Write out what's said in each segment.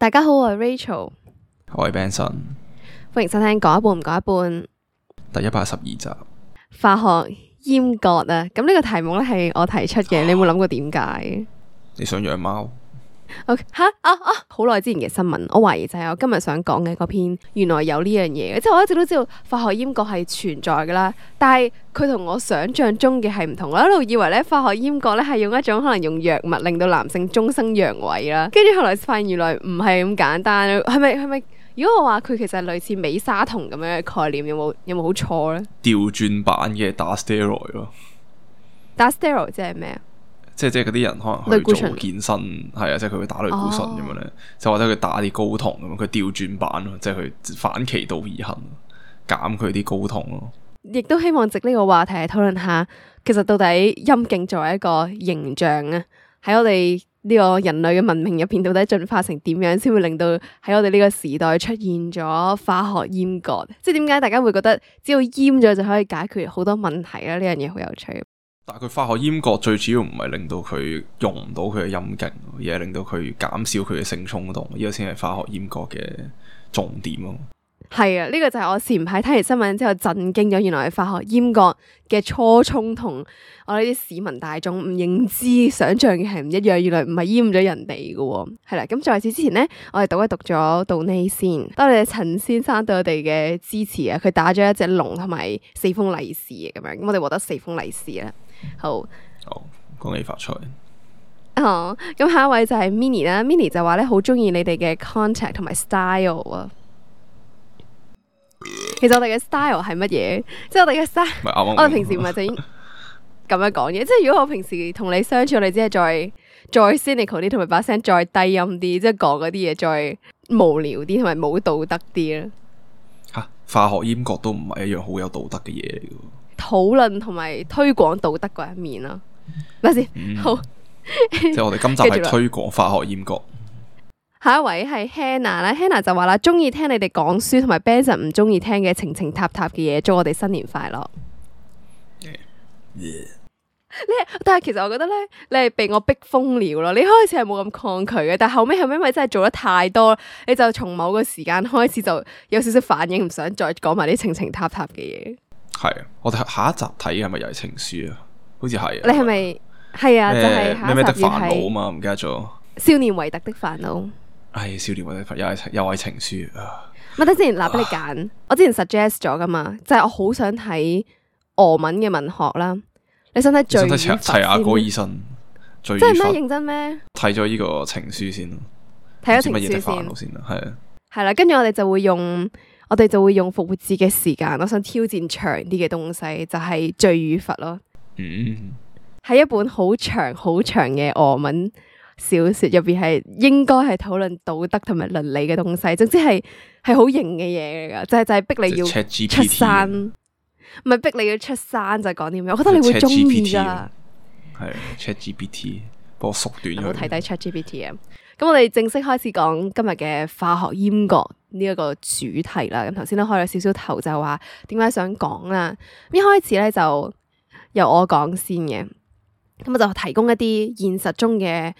大家好，我係 Rachel，我係 Benson，歡迎收聽講一半唔講一半，第一百二十二集化學閹割啊！咁呢個題目咧係我提出嘅，啊、你有冇諗過點解？你想養貓？吓啊、okay, 啊！好耐之前嘅新聞，我懷疑就係我今日想講嘅嗰篇，原來有呢樣嘢。即係我一直都知道化學閹割係存在噶啦，但係佢同我想象中嘅係唔同。我一路以為咧化學閹割咧係用一種可能用藥物令到男性終生陽痿啦，跟住後來發現原來唔係咁簡單。係咪係咪？如果我話佢其實類似美沙酮咁樣嘅概念，有冇有冇好錯咧？調轉版嘅打 steroid 咯，打 steroid 即係咩啊？即係即係嗰啲人可能去做健身，係啊，即係佢會打類固醇咁樣咧，就、哦、或者佢打啲睾酮咁，佢調轉版咯，即係佢反其道而行，減佢啲睾酮咯。亦都希望藉呢個話題嚟討論下，其實到底陰莖作為一個形象啊，喺我哋呢個人類嘅文明入邊，到底進化成點樣，先會令到喺我哋呢個時代出現咗化學閹割？即係點解大家會覺得只要閹咗就可以解決好多問題咧？呢樣嘢好有趣。但係佢化學閹割最主要唔係令到佢用唔到佢嘅陰莖，而係令到佢減少佢嘅性衝動，呢個先係化學閹割嘅重點啊！係啊，呢、這個就係我前排睇完新聞之後震驚咗，原來係化學閹割嘅初衷，同我呢啲市民大眾唔認知、想象嘅係唔一樣。原來唔係閹咗人哋㗎，係啦。咁在此之前呢，我哋讀一讀咗杜呢先，多謝陳先生對我哋嘅支持啊！佢打咗一隻龍同埋四封利是啊。咁樣，咁、嗯嗯、我哋獲得四封利是啦。好，好恭喜發財。咁、哦嗯、下一位就係 Minnie 啦，Minnie 就話咧好中意你哋嘅 contact 同埋 style 啊。其實我哋嘅 style 係乜嘢？即係我哋嘅 style，剛剛我哋平時唔係整？咁樣講嘢。即係如果我平時同你相處，我哋只係再再 cynical 啲，同埋把聲再低音啲，即係講嗰啲嘢再無聊啲，同埋冇道德啲啦。吓，化學閹割都唔係一樣好有道德嘅嘢嚟嘅。討論同埋推廣道德嗰一面啦。咪先、嗯、好， 即係我哋今集係推廣化學閹割。下一位係 Hannah 啦，Hannah 就話啦，中意聽你哋講書，同埋 Benson 唔中意聽嘅情情塔塔嘅嘢，祝我哋新年快樂。Yeah. 你但係其實我覺得咧，你係被我逼瘋了咯。你開始係冇咁抗拒嘅，但後尾後尾咪真係做得太多，你就從某個時間開始就有少少反應，唔想再講埋啲情情塔塔嘅嘢。係我哋下一集睇係咪又係情書啊？好似係。你係咪？係啊，就係下一集要睇啊嘛，唔記得咗《少年維特的煩惱》。係少年維特，又係又係情書啊！咪之前，嗱俾你揀，唉我之前 suggest 咗噶嘛，就係、是、我好想睇俄文嘅文學啦。你想睇最？睇齊阿哥醫生最？真咩認真咩？睇咗呢個情書先咯，睇咗情書先咯，係啊先，係啦。跟住我哋就會用我哋就會用復活節嘅時間，我想挑戰長啲嘅東西，就係《罪與罰》咯。嗯，係一本好長好長嘅俄文。小說入邊係應該係討論道德同埋倫理嘅東西，總之係係好型嘅嘢嚟噶，就係就係逼你要出山，唔係逼你要出山就係講啲咩？我覺得你會中意噶。係 ChatGPT，幫我縮短咗。睇低 ChatGPT M。咁我哋正式開始講今日嘅化學閹割呢一個主題啦。咁頭先都開咗少少頭，就話點解想講啦？一開始咧就由我講先嘅，咁我就提供一啲現實中嘅。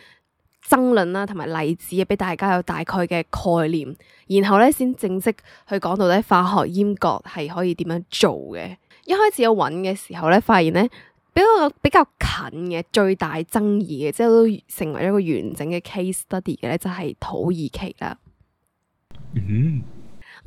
爭論啦，同埋例子俾大家有大概嘅概念，然後咧先正式去講到底化學閹割係可以點樣做嘅。一開始我揾嘅時候咧，發現咧比較比較近嘅最大爭議嘅，即係都成為一個完整嘅 case study 嘅咧，就係、是、土耳其啦。咁、mm hmm.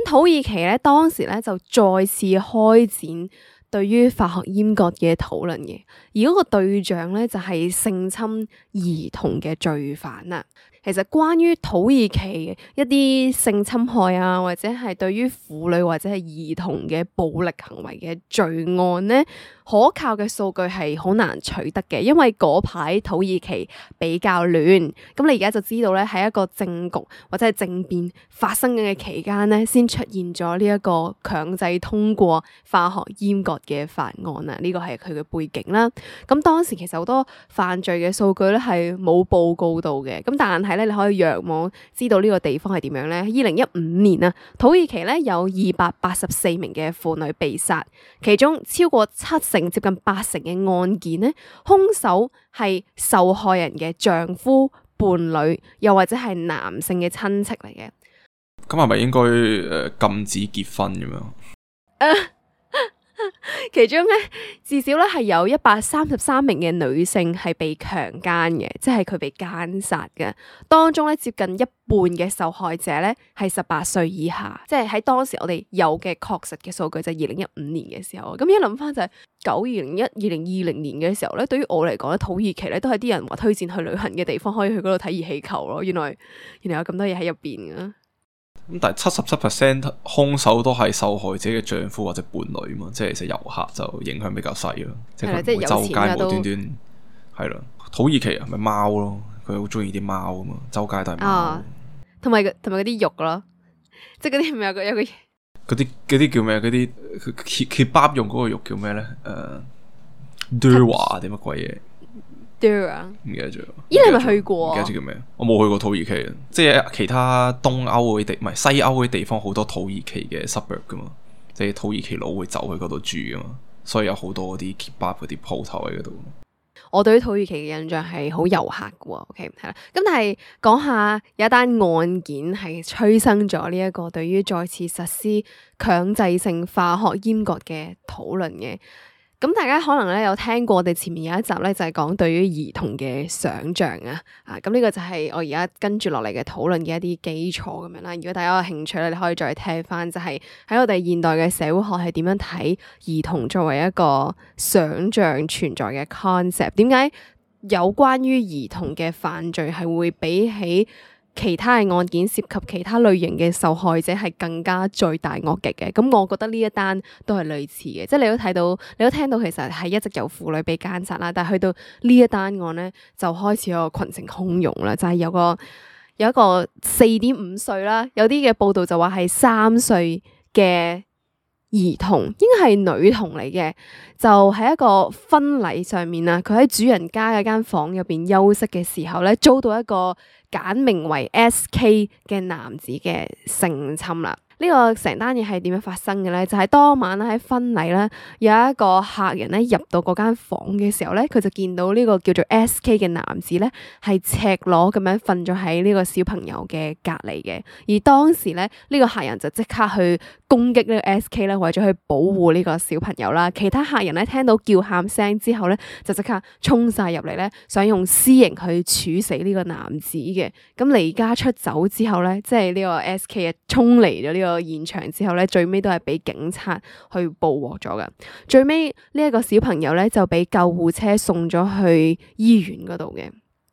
土耳其咧當時咧就再次開展。對於化學閹割嘅討論嘅，而嗰個對象咧就係性侵兒童嘅罪犯啦。其實關於土耳其一啲性侵害啊，或者係對於婦女或者係兒童嘅暴力行為嘅罪案咧，可靠嘅數據係好難取得嘅，因為嗰排土耳其比較亂。咁你而家就知道咧，喺一個政局或者係政變發生嘅期間呢先出現咗呢一個強制通過化學閹割嘅法案啊！呢個係佢嘅背景啦。咁當時其實好多犯罪嘅數據咧係冇報告到嘅。咁但係咧，你可以仰望知道呢個地方係點樣咧？二零一五年啊，土耳其咧有二百八十四名嘅婦女被殺，其中超過七成，接近八成嘅案件呢，兇手係受害人嘅丈夫、伴侶，又或者係男性嘅親戚嚟嘅。咁係咪應該誒禁止結婚咁樣？ 其中咧，至少咧係有一百三十三名嘅女性係被強姦嘅，即係佢被姦殺嘅。當中咧接近一半嘅受害者咧係十八歲以下，即係喺當時我哋有嘅確實嘅數據就係二零一五年嘅時候啊。咁一諗翻就係九二零一二零二零年嘅時候咧，對於我嚟講咧，土耳其咧都係啲人話推薦去旅行嘅地方，可以去嗰度睇熱氣球咯。原來原來有咁多嘢喺入邊嘅。但七十七 percent 兇手都係受害者嘅丈夫或者伴侶嘛，即係其實遊客就影響比較細咯，即係唔會周街無端端係啦都。土耳其啊，咪貓咯，佢好中意啲貓啊嘛，周街都係貓。同埋同埋嗰啲肉咯，即係嗰啲唔係有個有個嗰啲啲叫咩？嗰啲 ke、kebab 用嗰個肉叫咩咧？誒、uh, 們，多華定乜鬼嘢？唔 There 記得咗，咦，你咪去過？唔記得叫咩？我冇去過土耳其即係其他東歐嗰啲地，唔係西歐嗰啲地方，好多土耳其嘅 suburb 噶嘛，即係土耳其佬會走去嗰度住㗎嘛，所以有好多啲 kebab 啲鋪頭喺嗰度。我對於土耳其嘅印象係好遊客噶，OK 係啦。咁但係講下有一單案件係催生咗呢一個對於再次實施強制性化學閹割嘅討論嘅。咁大家可能咧有聽過我哋前面有一集咧，就係講對於兒童嘅想象啊，啊咁呢個就係我而家跟住落嚟嘅討論嘅一啲基礎咁樣啦。如果大家有興趣咧，你可以再聽翻，就係喺我哋現代嘅社會學係點樣睇兒童作為一個想象存在嘅 concept。點解有關於兒童嘅犯罪係會比起？其他嘅案件涉及其他類型嘅受害者係更加罪大惡極嘅，咁我覺得呢一單都係類似嘅，即係你都睇到，你都聽到，其實係一直有婦女被奸殺啦，但係去到呢一單案咧，就開始有個群情洶湧啦，就係有個有一個四點五歲啦，有啲嘅報道就話，係三歲嘅。兒童應該係女童嚟嘅，就喺、是、一個婚禮上面啦。佢喺主人家嘅間房入邊休息嘅時候咧，遭到一個簡名為 S.K 嘅男子嘅性侵啦。呢個成單嘢係點樣發生嘅咧？就係、是、當晚咧喺婚禮咧，有一個客人咧入到嗰間房嘅時候咧，佢就見到呢個叫做 S.K. 嘅男子咧係赤裸咁樣瞓咗喺呢個小朋友嘅隔離嘅。而當時咧，呢、這個客人就即刻去攻擊呢個 S.K. 啦，為咗去保護呢個小朋友啦。其他客人咧聽到叫喊聲之後咧，就即刻衝晒入嚟咧，想用私刑去處死呢個男子嘅。咁離家出走之後咧，即係呢衝、這個 S.K. 啊，衝嚟咗呢個。個現場之後咧，最尾都係俾警察去捕獲咗嘅。最尾呢一個小朋友咧，就俾救護車送咗去醫院嗰度嘅。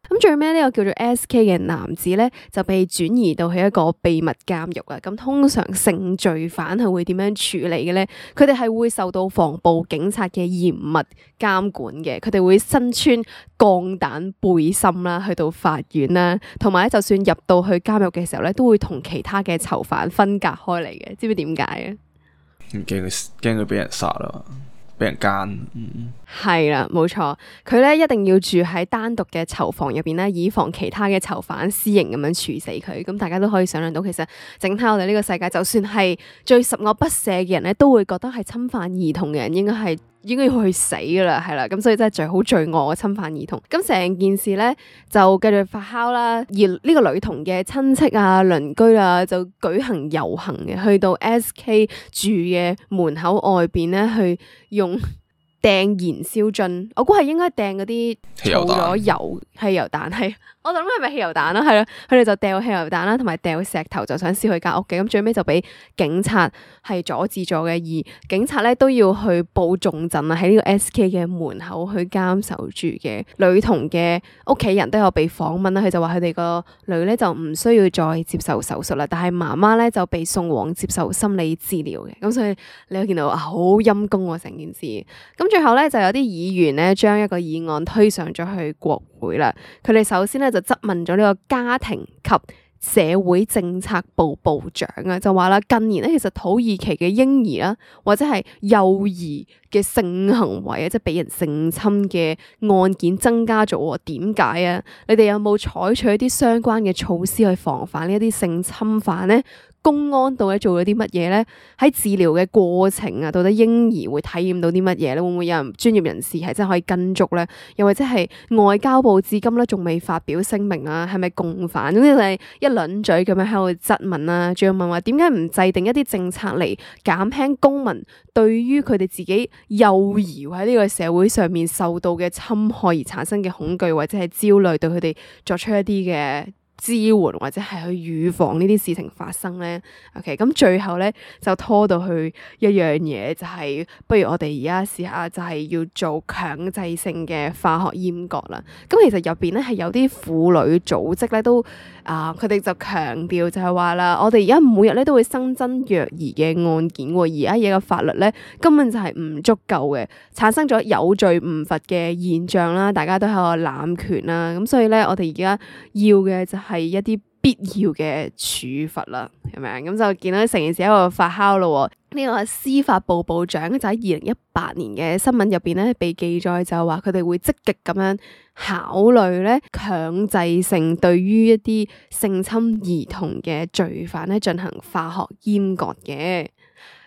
咁最尾呢個叫做 S.K. 嘅男子咧，就被轉移到去一個秘密監獄啦。咁通常性罪犯係會點樣處理嘅咧？佢哋係會受到防暴警察嘅嚴密監管嘅，佢哋會身穿鋼彈背心啦，去到法院啦，同埋咧，就算入到去監獄嘅時候咧，都會同其他嘅囚犯分隔開嚟嘅。知唔知點解啊？唔驚佢驚佢俾人殺咯，俾人奸。嗯係啦，冇錯，佢咧一定要住喺單獨嘅囚房入邊啦，以防其他嘅囚犯私刑咁樣處死佢。咁大家都可以想象到，其實整體我哋呢個世界，就算係最十惡不赦嘅人咧，都會覺得係侵犯兒童嘅人應該係應該要去死㗎啦，係啦。咁所以真係最好罪惡嘅侵犯兒童。咁成件事咧就繼續發酵啦，而呢個女童嘅親戚啊、鄰居啊就舉行遊行嘅，去到 SK 住嘅門口外邊咧去用。掟燃燒樽，我估係應該掟嗰啲儲咗油，汽油彈氣。 我就諗係咪汽油彈啦，係啦，佢哋就掉汽油彈啦，同埋掉石頭，就想燒佢間屋嘅。咁最尾就俾警察係阻止咗嘅，而警察咧都要去布重陣啊，喺呢個 S K 嘅門口去監守住嘅。女童嘅屋企人都有被訪問啦，佢就話佢哋個女咧就唔需要再接受手術啦，但係媽媽咧就被送往接受心理治療嘅。咁所以你會見到啊，好陰功啊成件事。咁最後咧就有啲議員咧將一個議案推上咗去國。會啦，佢哋首先咧就質問咗呢個家庭及社會政策部部長啊，就話啦，近年咧其實土耳其嘅嬰兒啊，或者係幼兒嘅性行為啊，即係俾人性侵嘅案件增加咗，點解啊？你哋有冇採取一啲相關嘅措施去防範呢一啲性侵犯咧？公安到底做咗啲乜嘢咧？喺治療嘅過程啊，到底嬰兒會體驗到啲乜嘢咧？會唔會有人專業人士係真係可以跟蹤咧？又或者係外交部至今咧仲未發表聲明啊？係咪共犯？總之就係一輪嘴咁樣喺度質問啊，仲要問話點解唔制定一啲政策嚟減輕公民對於佢哋自己幼兒喺呢個社會上面受到嘅侵害而產生嘅恐懼或者係焦慮，對佢哋作出一啲嘅支援或者係去預防呢啲事情發生咧，OK，咁最後咧就拖到去一樣嘢，就係不如我哋而家試下，就係要做強制性嘅化學閹割啦。咁其實入邊咧係有啲婦女組織咧都。啊！佢哋就強調就係話啦，我哋而家每日咧都會新增虐兒嘅案件，而家嘢嘅法律咧根本就係唔足夠嘅，產生咗有罪唔罰嘅現象啦，大家都喺度濫權啦，咁所以咧我哋而家要嘅就係一啲必要嘅處罰啦，係咪啊？咁就見到成件事喺度發酵咯。呢個司法部部長就喺二零一八年嘅新聞入邊咧，被記載就話佢哋會積極咁樣考慮咧，強制性對於一啲性侵兒童嘅罪犯咧，進行化學閹割嘅。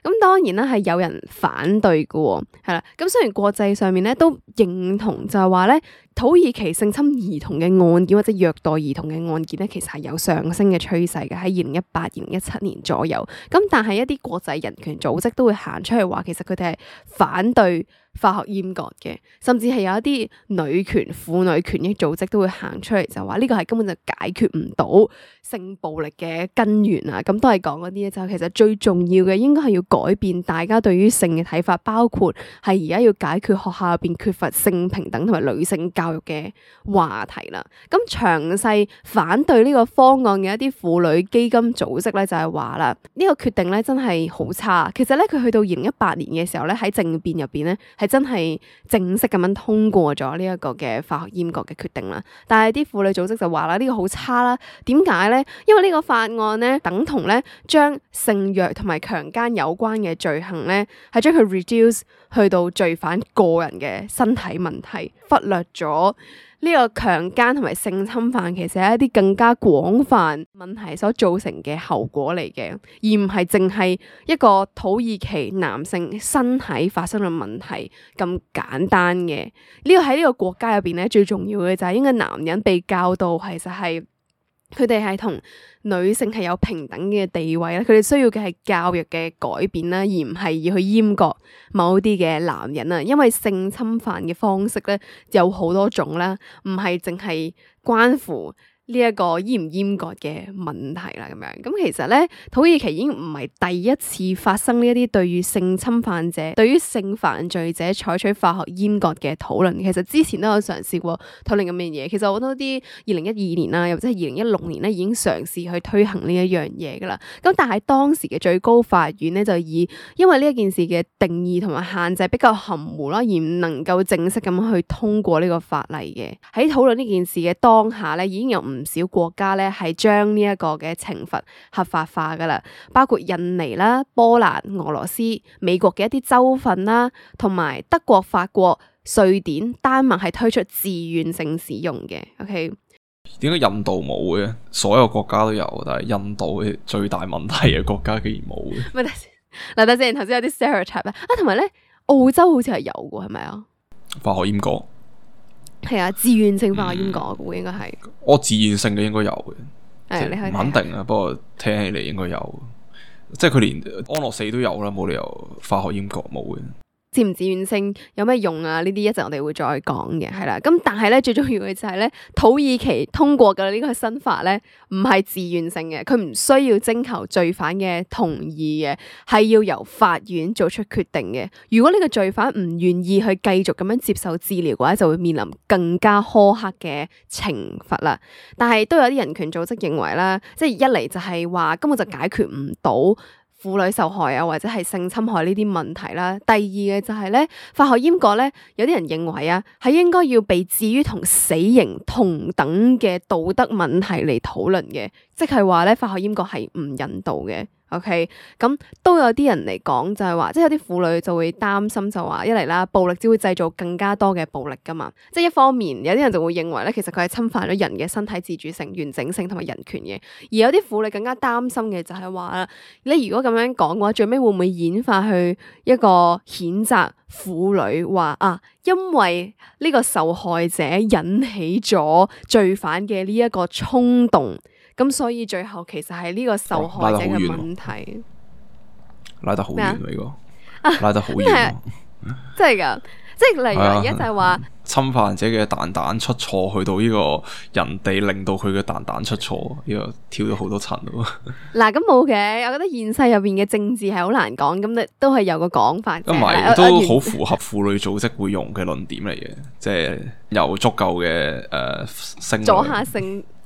咁當然啦，係有人反對嘅喎，係啦。咁雖然國際上面咧都認同，就係話咧土耳其性侵兒童嘅案件或者虐待兒童嘅案件咧，其實係有上升嘅趨勢嘅。喺二零一八、二零一七年左右，咁但係一啲國際人權組織都會行出去話，其實佢哋係反對。化學閹割嘅，甚至係有一啲女權、婦女權益組織都會行出嚟，就話呢、這個係根本就解決唔到性暴力嘅根源啊！咁、嗯、都係講嗰啲咧，就其實最重要嘅應該係要改變大家對於性嘅睇法，包括係而家要解決學校入邊缺乏性平等同埋女性教育嘅話題啦。咁、嗯、詳細反對呢個方案嘅一啲婦女基金組織咧，就係話啦，呢、這個決定咧真係好差。其實咧，佢去到二零一八年嘅時候咧，喺政變入邊咧。係真係正式咁樣通過咗呢一個嘅化學閹割嘅決定啦，但係啲婦女組織就話啦呢個好差啦，點解呢？因為呢個法案呢，等同呢將性虐同埋強姦有關嘅罪行呢，係將佢 reduce 去到罪犯個人嘅身體問題，忽略咗。呢個強姦同埋性侵犯其實係一啲更加廣泛問題所造成嘅後果嚟嘅，而唔係淨係一個土耳其男性身體發生嘅問題咁簡單嘅。呢、這個喺呢個國家入邊咧，最重要嘅就係應該男人被教導，其實係。佢哋係同女性係有平等嘅地位啦，佢哋需要嘅係教育嘅改變啦，而唔係要去閹割某啲嘅男人啊，因為性侵犯嘅方式咧有好多種啦，唔係淨係關乎呢一個閹唔閹割嘅問題啦，咁樣咁其實咧，土耳其已經唔係第一次發生呢一啲對於性侵犯者、對於性犯罪者採取化學閹割嘅討論。其實之前都有嘗試過討論咁樣嘢。其實好多啲二零一二年啦，又或者係二零一六年咧，已經嘗試去推行呢一樣嘢噶啦。咁但係當時嘅最高法院咧，就以因為呢一件事嘅定義同埋限制比較含糊啦，而唔能夠正式咁去通過呢個法例嘅。喺討論呢件事嘅當下咧，已經有唔唔少國家咧，係將呢一個嘅懲罰合法化噶啦，包括印尼啦、波蘭、俄羅斯、美國嘅一啲州份啦，同埋德國、法國、瑞典、丹麥係推出自願性使用嘅。OK，點解印度冇嘅？所有國家都有，但係印度最大問題嘅國家竟然冇嘅。咪等陣，嗱，等陣，頭先有啲 Sarah 插啦，啊，同埋咧，澳洲好似係有噶，係咪啊？化學閹割。英國係啊，自願性化學閹割嘅，會應該係，嗯、我，我自願性嘅應該有嘅，唔的肯定啊。不過聽起嚟應該有，即係佢連安樂死都有啦，冇理由化學閹割冇嘅。自唔自願性有咩用啊？呢啲一陣我哋會再講嘅，係啦。咁但係咧，最重要嘅就係咧，土耳其通過嘅呢個新法咧，唔係自願性嘅，佢唔需要徵求罪犯嘅同意嘅，係要由法院做出決定嘅。如果呢個罪犯唔願意去繼續咁樣接受治療嘅話，就會面臨更加苛刻嘅懲罰啦。但係都有啲人權組織認為啦，即係一嚟就係話根本就解決唔到。婦女受害啊，或者係性侵害呢啲問題啦。第二嘅就係、是、咧，化學閹割咧，有啲人認為啊，係應該要被置於同死刑同等嘅道德問題嚟討論嘅，即係話咧，化學閹割係唔人道嘅。O.K. 咁、嗯、都有啲人嚟講就係話，即係有啲婦女就會擔心就話，一嚟啦，暴力只會製造更加多嘅暴力噶嘛，即係一方面有啲人就會認為咧，其實佢係侵犯咗人嘅身體自主性、完整性同埋人權嘅，而有啲婦女更加擔心嘅就係話啦，你如果咁樣講嘅話，最尾會唔會演化去一個譴責婦女，話啊，因為呢個受害者引起咗罪犯嘅呢一個衝動。咁所以最後其實係呢個受害者嘅問題，拉得好遠喎，呢個拉得好遠，即係噶，即係例如而家就係話，侵犯者嘅蛋蛋出錯，去到呢個人哋，令到佢嘅蛋蛋出錯，呢個跳咗好多層。嗱，咁冇嘅，我覺得現世入邊嘅政治係好難講，咁你都係有個講法，唔係都好符合婦女組織會用嘅論點嚟嘅，即係有足夠嘅誒性阻嚇性。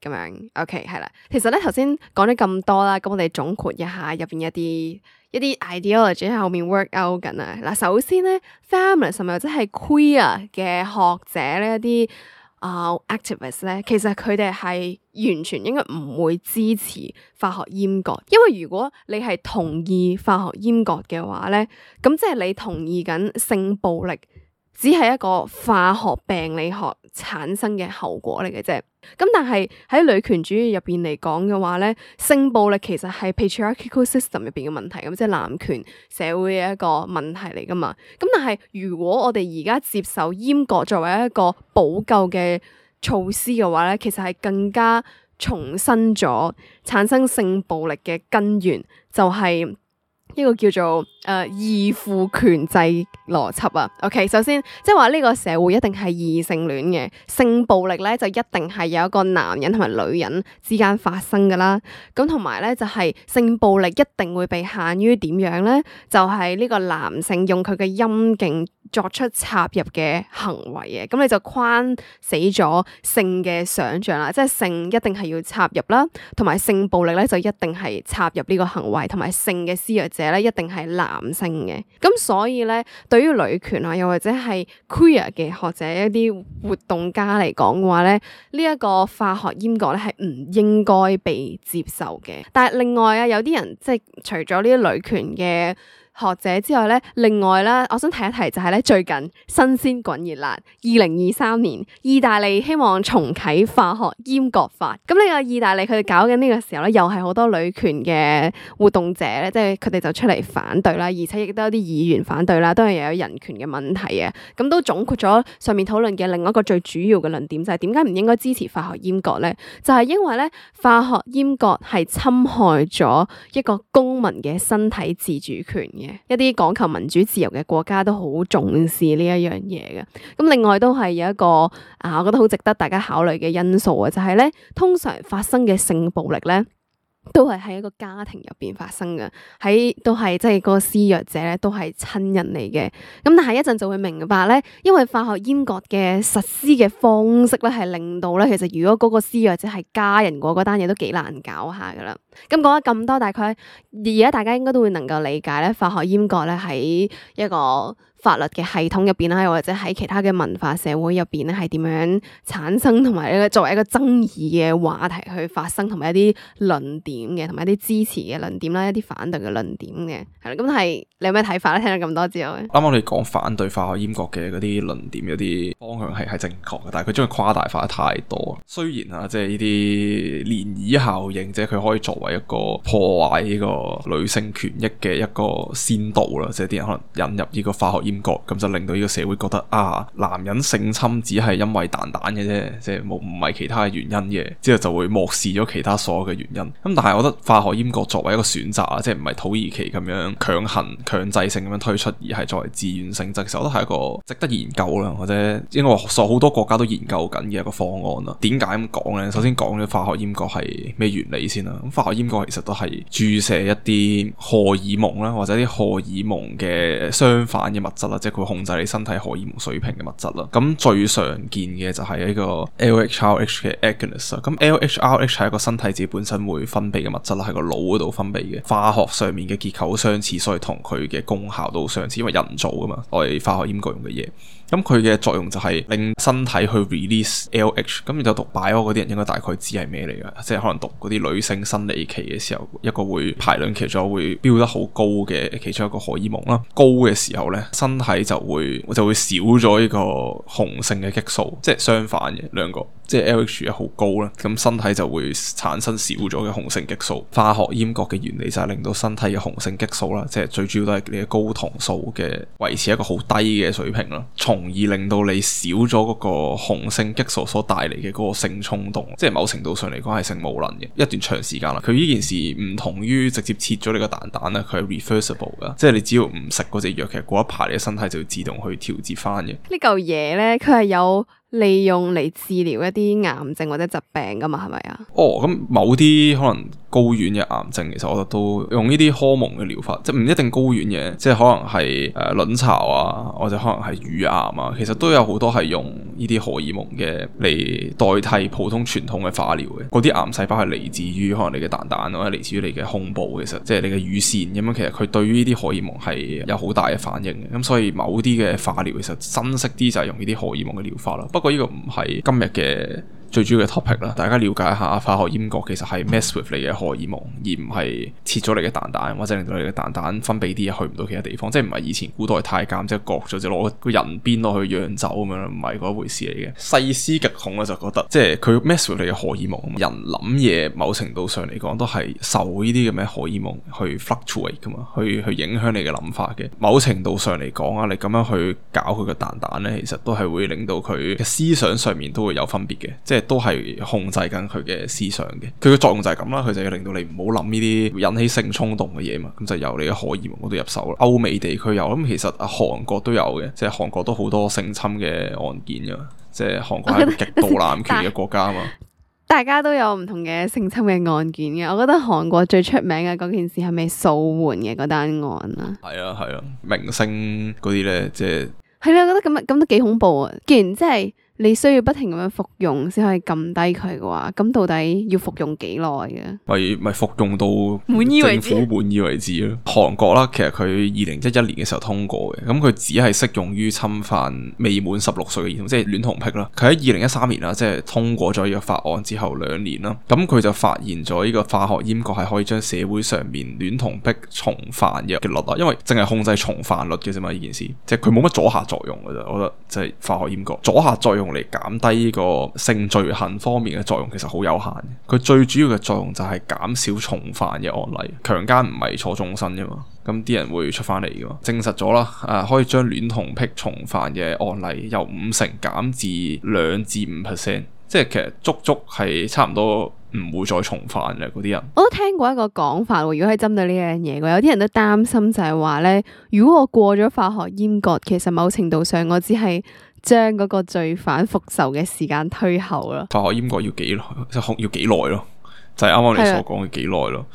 咁樣，OK，係啦。其實咧，頭先講咗咁多啦，咁我哋總括一下入邊一啲一啲 ideology 喺後面 work out 緊啊。嗱，首先咧，family 或者係 queer 嘅學者咧一啲啊、uh, activist 咧，其實佢哋係完全應該唔會支持化學閹割，因為如果你係同意化學閹割嘅話咧，咁即係你同意緊性暴力，只係一個化學病理學產生嘅後果嚟嘅啫。咁但係喺女權主義入邊嚟講嘅話咧，性暴力其實係 patriarchal system 入邊嘅問題，咁即係男權社會嘅一個問題嚟噶嘛。咁但係如果我哋而家接受閹割作為一個補救嘅措施嘅話咧，其實係更加重申咗產生性暴力嘅根源，就係、是。呢個叫做誒異、呃、父權制邏輯啊，OK，首先即係話呢個社會一定係異性戀嘅，性暴力咧就一定係有一個男人同埋女人之間發生噶啦，咁同埋咧就係、是、性暴力一定會被限於點樣咧？就係、是、呢個男性用佢嘅陰莖。作出插入嘅行為嘅，咁你就框死咗性嘅想像啦，即係性一定係要插入啦，同埋性暴力咧就一定係插入呢個行為，同埋性嘅施虐者咧一定係男性嘅。咁所以咧，對於女權啊，又或者係 queer 嘅或者一啲活動家嚟講嘅話咧，呢一個化學閹割咧係唔應該被接受嘅。但係另外啊，有啲人即係除咗呢啲女權嘅。學者之外咧，另外咧，我想提一提就係咧最近新鮮滾熱辣，二零二三年意大利希望重啟化學閹割法。咁呢個意大利佢哋搞緊呢個時候咧，又係好多女權嘅活動者咧，即係佢哋就出嚟反對啦，而且亦都有啲議員反對啦，當然又有人權嘅問題啊，咁、嗯、都總括咗上面討論嘅另外一個最主要嘅論點就係點解唔應該支持化學閹割咧？就係、是、因為咧，化學閹割係侵害咗一個公民嘅身體自主權嘅。一啲講求民主自由嘅國家都好重視呢一樣嘢嘅，咁另外都係有一個啊，我覺得好值得大家考慮嘅因素啊，就係咧，通常發生嘅性暴力咧。都係喺一個家庭入邊發生嘅，喺都係即係嗰個施虐者咧都係親人嚟嘅，咁但係一陣就會明白咧，因為化學閹割嘅實施嘅方式咧係令到咧，其實如果嗰個施虐者係家人嘅嗰單嘢都幾難搞下噶啦。咁講咗咁多，大概而家大家應該都會能夠理解咧，化學閹割咧喺一個。法律嘅系統入邊啦，或者喺其他嘅文化社會入邊咧，係點樣產生同埋一個作為一個爭議嘅話題去發生，同埋一啲論點嘅，同埋一啲支持嘅論點啦，一啲反對嘅論點嘅，係啦，咁係你有咩睇法咧？聽咗咁多之後咧，啱啱我哋講反對化學閹割嘅嗰啲論點有啲方向係係正確嘅，但係佢將佢誇大化得太多。雖然啊，即係呢啲漣漪效應，即係佢可以作為一個破壞呢個女性權益嘅一個先導啦，即係啲人可能引入呢個化學。國，咁就令到呢個社會覺得啊，男人性侵只係因為蛋蛋嘅啫，即係冇唔係其他嘅原因嘅，之後就會漠視咗其他所有嘅原因。咁、嗯、但係我覺得化學閹割作為一個選擇啊，即係唔係土耳其咁樣強行強制性咁樣推出，而係作為自願性質，其實我都係一個值得研究啦，或者應該話好多國家都研究緊嘅一個方案啦。點解咁講呢？首先講咗化學閹割係咩原理先啦。咁化學閹割其實都係注射一啲荷爾蒙啦，或者啲荷爾蒙嘅相反嘅物質啦，即係佢控制你身體荷爾蒙水平嘅物質啦。咁最常見嘅就係呢個 LHRH 嘅 agonist。咁 LHRH 係一個身體自己本身會分泌嘅物質啦，喺個腦嗰度分泌嘅。化學上面嘅結構好相似，所以同佢嘅功效都好相似。因為人造㗎嘛，我哋化學閹割用嘅嘢。咁佢嘅作用就係令身體去 release LH，咁你就讀 Bio 嗰啲人應該大概知係咩嚟㗎，即係可能讀嗰啲女性生理期嘅時候，一個會排卵期中會飆得好高嘅其中一個荷爾蒙啦。高嘅時候呢，身體就會就會少咗呢個雄性嘅激素，即係相反嘅兩個。即係 LH 好高啦，咁身體就會產生少咗嘅雄性激素。化學閹割嘅原理就係令到身體嘅雄性激素啦，即係最主要都係你嘅睾酮素嘅維持一個好低嘅水平啦，從而令到你少咗嗰個雄性激素所帶嚟嘅嗰個性衝動。即係某程度上嚟講係性無能嘅一段長時間啦。佢呢件事唔同於直接切咗你個蛋蛋啦，佢係 reversible 嘅，即係你只要唔食嗰隻藥，其實過一排你嘅身體就會自動去調節翻嘅。呢嚿嘢咧，佢係有。利用嚟治療一啲癌症或者疾病㗎嘛，係咪啊？哦，咁某啲可能。睪丸嘅癌症，其實我覺得都用呢啲荷爾蒙嘅療法，即係唔一定睪丸嘅，即係可能係誒卵巢啊，或者可能係乳癌啊，其實都有好多係用呢啲荷爾蒙嘅嚟代替普通傳統嘅化療嘅。嗰啲癌細胞係嚟自於可能你嘅蛋蛋，或者嚟自於你嘅胸部，其實即係你嘅乳腺咁樣。其實佢對於呢啲荷爾蒙係有好大嘅反應嘅。咁所以某啲嘅化療其實珍惜啲就係用呢啲荷爾蒙嘅療法咯。不過呢個唔係今日嘅最主要嘅 topic 啦，大家了解一下，化學閹割其實係 mess with 你嘅荷爾蒙，而唔係切咗你嘅蛋蛋，或者令到你嘅蛋蛋分泌啲嘢去唔到其他地方，即係唔係以前古代太監即係割咗就攞個人變落去釀酒咁樣，唔係嗰回事嚟嘅。細思極恐啦，就覺得即係佢 mess with 你嘅荷爾蒙，人諗嘢某程度上嚟講都係受呢啲咁嘅荷爾蒙去 fluctuate 㗎嘛，去去影響你嘅諗法嘅。某程度上嚟講啊，你咁樣去搞佢嘅蛋蛋呢，其實都係會令到佢思想上面都會有分別嘅，即係。都係控制緊佢嘅思想嘅，佢嘅作用就係咁啦，佢就要令到你唔好諗呢啲引起性衝動嘅嘢嘛，咁就由你嘅荷爾蒙嗰度入手啦。歐美地區有，咁其實啊，韓國都有嘅，即係韓國都好多性侵嘅案件噶，即係韓國係一個極度濫權嘅國家啊嘛。覺 大家都有唔同嘅性侵嘅案件嘅，我覺得韓國最出名嘅嗰件事係咪素媛嘅嗰單案啊？係啊係啊，明星嗰啲咧，即係係啊，我覺得咁咁都幾恐怖啊！既然即係。你需要不停咁樣服用先可以撳低佢嘅話，咁到底要服用幾耐嘅？咪咪服用到政府滿意為止咯。韓國啦，其實佢二零一一年嘅時候通過嘅，咁佢只係適用於侵犯未滿十六歲嘅兒童，即係戀童癖啦。佢喺二零一三年啦，即係通過咗呢個法案之後兩年啦，咁佢就發現咗呢個化學閹割係可以將社會上面戀童癖重犯嘅嘅率啊，因為淨係控制重犯率嘅啫嘛，呢件事即係佢冇乜阻嚇作用嘅啫，我覺得即係化學閹割阻嚇作用。用嚟減低呢個性罪行方面嘅作用，其實好有限。佢最主要嘅作用就係減少重犯嘅案例。強姦唔係坐終身噶嘛，咁啲人會出翻嚟嘅嘛。證實咗啦，誒、啊，可以將戀童癖重犯嘅案例由五成減至兩至五 percent，即係其實足足係差唔多唔會再重犯嘅嗰啲人。我都聽過一個講法，如果係針對呢樣嘢嘅，有啲人都擔心就係話咧，如果我過咗化學閹割，其實某程度上我只係。將嗰個罪犯復仇嘅時間推後咯，化學閹割要幾耐？即係要幾耐咯，就係啱啱你所講嘅幾耐咯。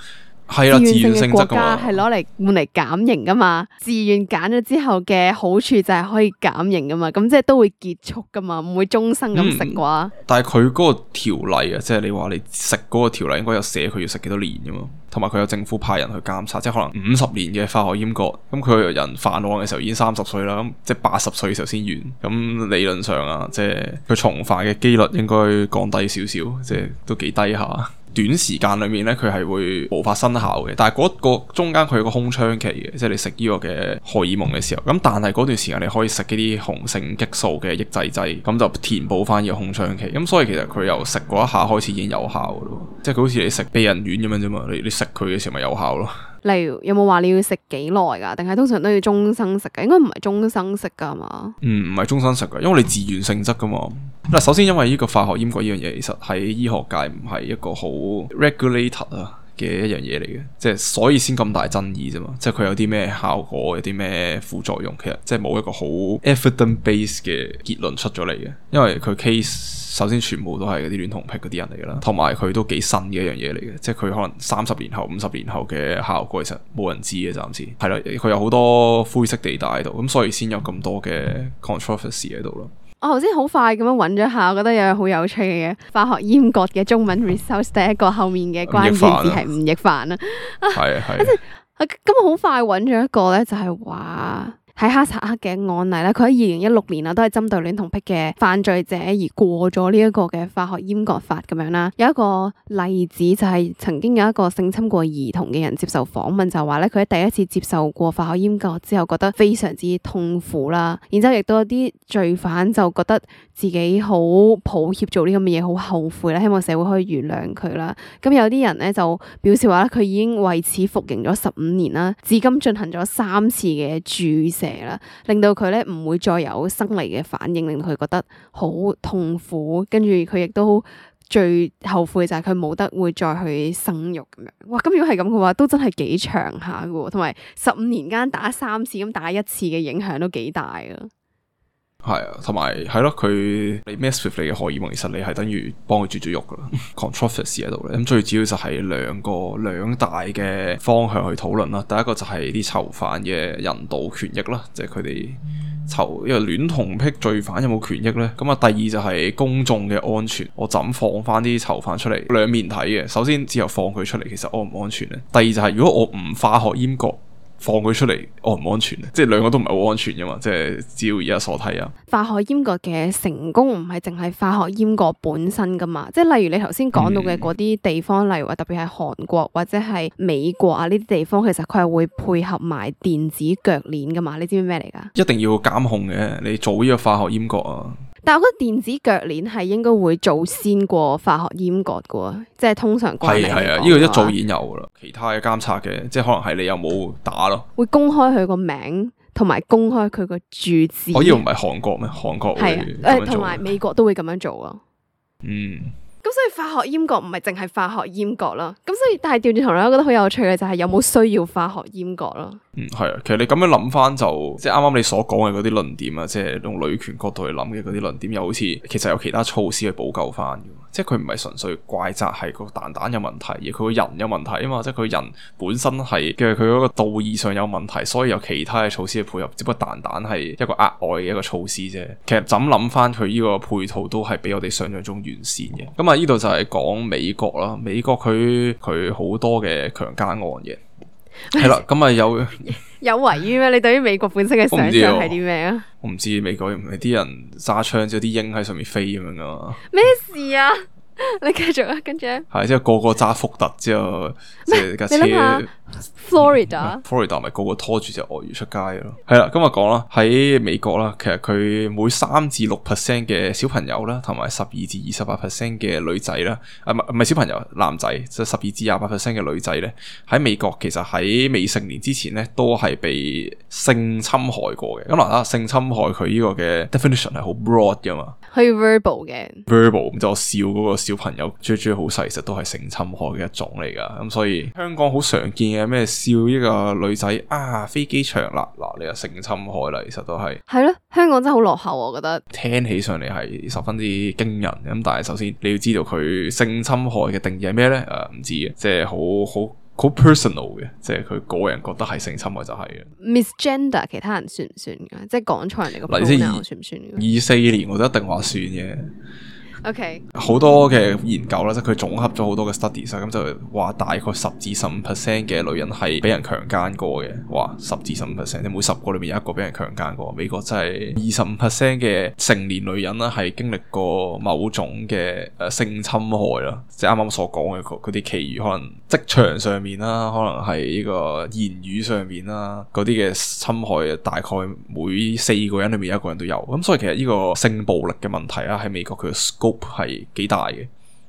係啦，自願性質噶嘛，係攞嚟換嚟減刑噶嘛， 自願減咗之後嘅好處就係可以減刑噶嘛，咁即係都會結束噶嘛，唔會終生咁食啩。但係佢嗰個條例啊，即係你話你食嗰個條例應該有寫佢要食幾多年噶嘛，同埋佢有政府派人去監察，即係可能五十年嘅化學閹割，咁佢人犯案嘅時候已經三十歲啦，咁即係八十歲嘅時候先完，咁理論上啊，即係佢重犯嘅幾率應該降低少少，即係都幾低下。短時間裏面呢，佢係會無法生效嘅。但係嗰個中間佢有個空窗期嘅，即係你食呢個嘅荷爾蒙嘅時候。咁但係嗰段時間你可以食呢啲雄性激素嘅抑制劑，咁就填補翻呢個空窗期。咁所以其實佢由食嗰一下開始已經有效㗎咯。即係佢好似你食避孕丸咁樣啫嘛。你，你食佢嘅時候咪有效咯。例如有冇話你要食幾耐噶？定係通常都要終生食噶？應該唔係終生食噶係嘛？嗯，唔係終生食噶，因為你自願性質噶嘛。嗱，首先因為呢個化學閹割呢樣嘢，其實喺醫學界唔係一個好 regulated 啊。嘅一樣嘢嚟嘅，即係所以先咁大爭議啫嘛，即係佢有啲咩效果，有啲咩副作用，其實即係冇一個好 evidence base 嘅結論出咗嚟嘅，因為佢 case 首先全部都係嗰啲戀童癖嗰啲人嚟啦，同埋佢都幾新嘅一樣嘢嚟嘅，即係佢可能三十年後、五十年後嘅效果其實冇人知嘅，暫時係啦，佢有好多灰色地帶喺度，咁所以先有咁多嘅 controversy 喺度咯。我頭先好快咁樣揾咗下，我覺得又有好有趣嘅嘢。「化學閹割嘅中文 resource，第一個後面嘅關鍵字係吳亦凡啦，係啊，咁、啊、好快揾咗一個咧、就係，就係話。喺哈薩克嘅案例咧，佢喺二零一六年啊，都係針對戀童癖嘅犯罪者而過咗呢一個嘅化學閹割法咁樣啦。有一個例子就係、是、曾經有一個性侵過兒童嘅人接受訪問，就話咧佢喺第一次接受過化學閹割之後，覺得非常之痛苦啦。然之後亦都有啲罪犯就覺得自己好抱歉做呢啲咁嘅嘢，好後悔啦，希望社會可以原諒佢啦。咁有啲人咧就表示話佢已經為此服刑咗十五年啦，至今進行咗三次嘅注射啦，令到佢咧唔會再有生理嘅反應，令佢覺得好痛苦。跟住佢亦都最後悔就係佢冇得會再去生育咁樣。哇！咁如果係咁嘅話，都真係幾長下噶喎，同埋十五年間打三次咁打一次嘅影響都幾大啊！係啊，同埋係咯，佢、啊、你 mess with 佢你嘅荷爾蒙，其實你係等於幫佢絕絕育噶啦，controversy 喺度咧。咁 最主要就係兩個兩大嘅方向去討論啦。第一個就係啲囚犯嘅人道權益啦，即係佢哋囚因為戀，戀童癖罪犯有冇權益咧？咁啊，第二就係公眾嘅安全，我怎放翻啲囚犯出嚟？兩面睇嘅，首先自由放佢出嚟，其實安唔安全咧？第二就係、是、如果我唔化學閹割。放佢出嚟安唔安全咧？即係兩個都唔係好安全噶嘛，即係只要而家所睇啊。化學閹割嘅成功唔係淨係化學閹割本身噶嘛，即係例如你頭先講到嘅嗰啲地方，嗯、例如話特別係韓國或者係美國啊呢啲地方，其實佢係會配合埋電子腳鏈噶嘛？你知唔知咩嚟噶？一定要監控嘅，你做呢個化學閹割啊！但我覺得電子腳鏈係應該會早先過化學閹割嘅，即係通常。係係啊，呢、這個一早已有噶啦。其他嘅監察嘅，即係可能係你有冇打咯。會公開佢個名，同埋公開佢個住址。可、哦、以唔係韓國咩？韓國係誒，同埋、啊呃、美國都會咁樣做啊。嗯。咁所以化學閹割唔係淨係化學閹割咯，咁所以但係調轉頭嚟，我覺得好有趣嘅就係有冇需要化學閹割咯？嗯，係啊，其實你咁樣諗翻就即係啱啱你所講嘅嗰啲論點啊，即係用女權角度去諗嘅嗰啲論點，又好似其實有其他措施去補救翻嘅。即係佢唔係純粹怪責係個蛋蛋有問題，而佢個人有問題啊嘛，即係佢人本身係嘅佢嗰個道義上有問題，所以有其他嘅措施去配合，只不過蛋蛋係一個額外嘅一個措施啫。其實怎諗翻佢呢個配套都係比我哋想象中完善嘅。咁啊，呢度就係講美國啦，美國佢佢好多嘅強奸案嘅，係啦喂，咁啊有。 有遺于咩？你對於美國本身嘅想象係啲咩啊？我唔知美國唔係啲人揸槍之後，啲鷹喺上面飛咁樣噶。咩事啊？ 你繼續啊，跟住咧、啊。係之後個個揸福特之後，即麼車你諗下、啊。Florida，Florida 咪、啊、Florida, 個個拖住隻鱷魚出街咯。係啦，今日講啦，喺美國啦，其實佢每三至六 percent 嘅小朋友啦，同埋十二至二十八 percent 嘅女仔啦，啊唔唔係小朋友，男仔即十二至廿八 percent 嘅女仔咧，喺美國其實喺未成年之前咧，都係被性侵害過嘅。咁、嗯、啊，性侵害佢呢個嘅 definition 係好 broad 噶嘛可以 verbal 嘅，verbal，就笑嗰個小朋友追追好細，其實都係性侵害嘅一種嚟噶。咁、嗯、所以香港好常見嘅。有咩笑呢個女仔啊？飛機場啦，嗱，你又性侵害啦，其實都係係咯，香港真係好落後，我覺得。聽起上嚟係十分之驚人，咁、嗯、但係首先你要知道佢性侵害嘅定義係咩咧？誒、呃，唔知嘅，即係好好好 personal 嘅，即係佢個人覺得係性侵害就係嘅。misgender 其他人算唔算嘅？即係講錯人哋嘅 gender 算唔算？二四年我都一定話算嘅。OK，好多嘅研究啦，即係佢綜合咗好多嘅 studies，咁就話大概十至十五 percent 嘅女人係俾人強姦過嘅，哇，十至十五 percent，即係每十個裏面有一個俾人強姦過。美國真係二十五 percent 嘅成年女人啦，係經歷過某種嘅誒性侵害啦，即係啱啱所講嘅嗰啲其餘，可能職場上面啦，可能係呢個言語上面啦，嗰啲嘅侵害，大概每四個人裏面有一個人都有。咁所以其實呢個性暴力嘅問題啦，喺美國佢係幾大嘅，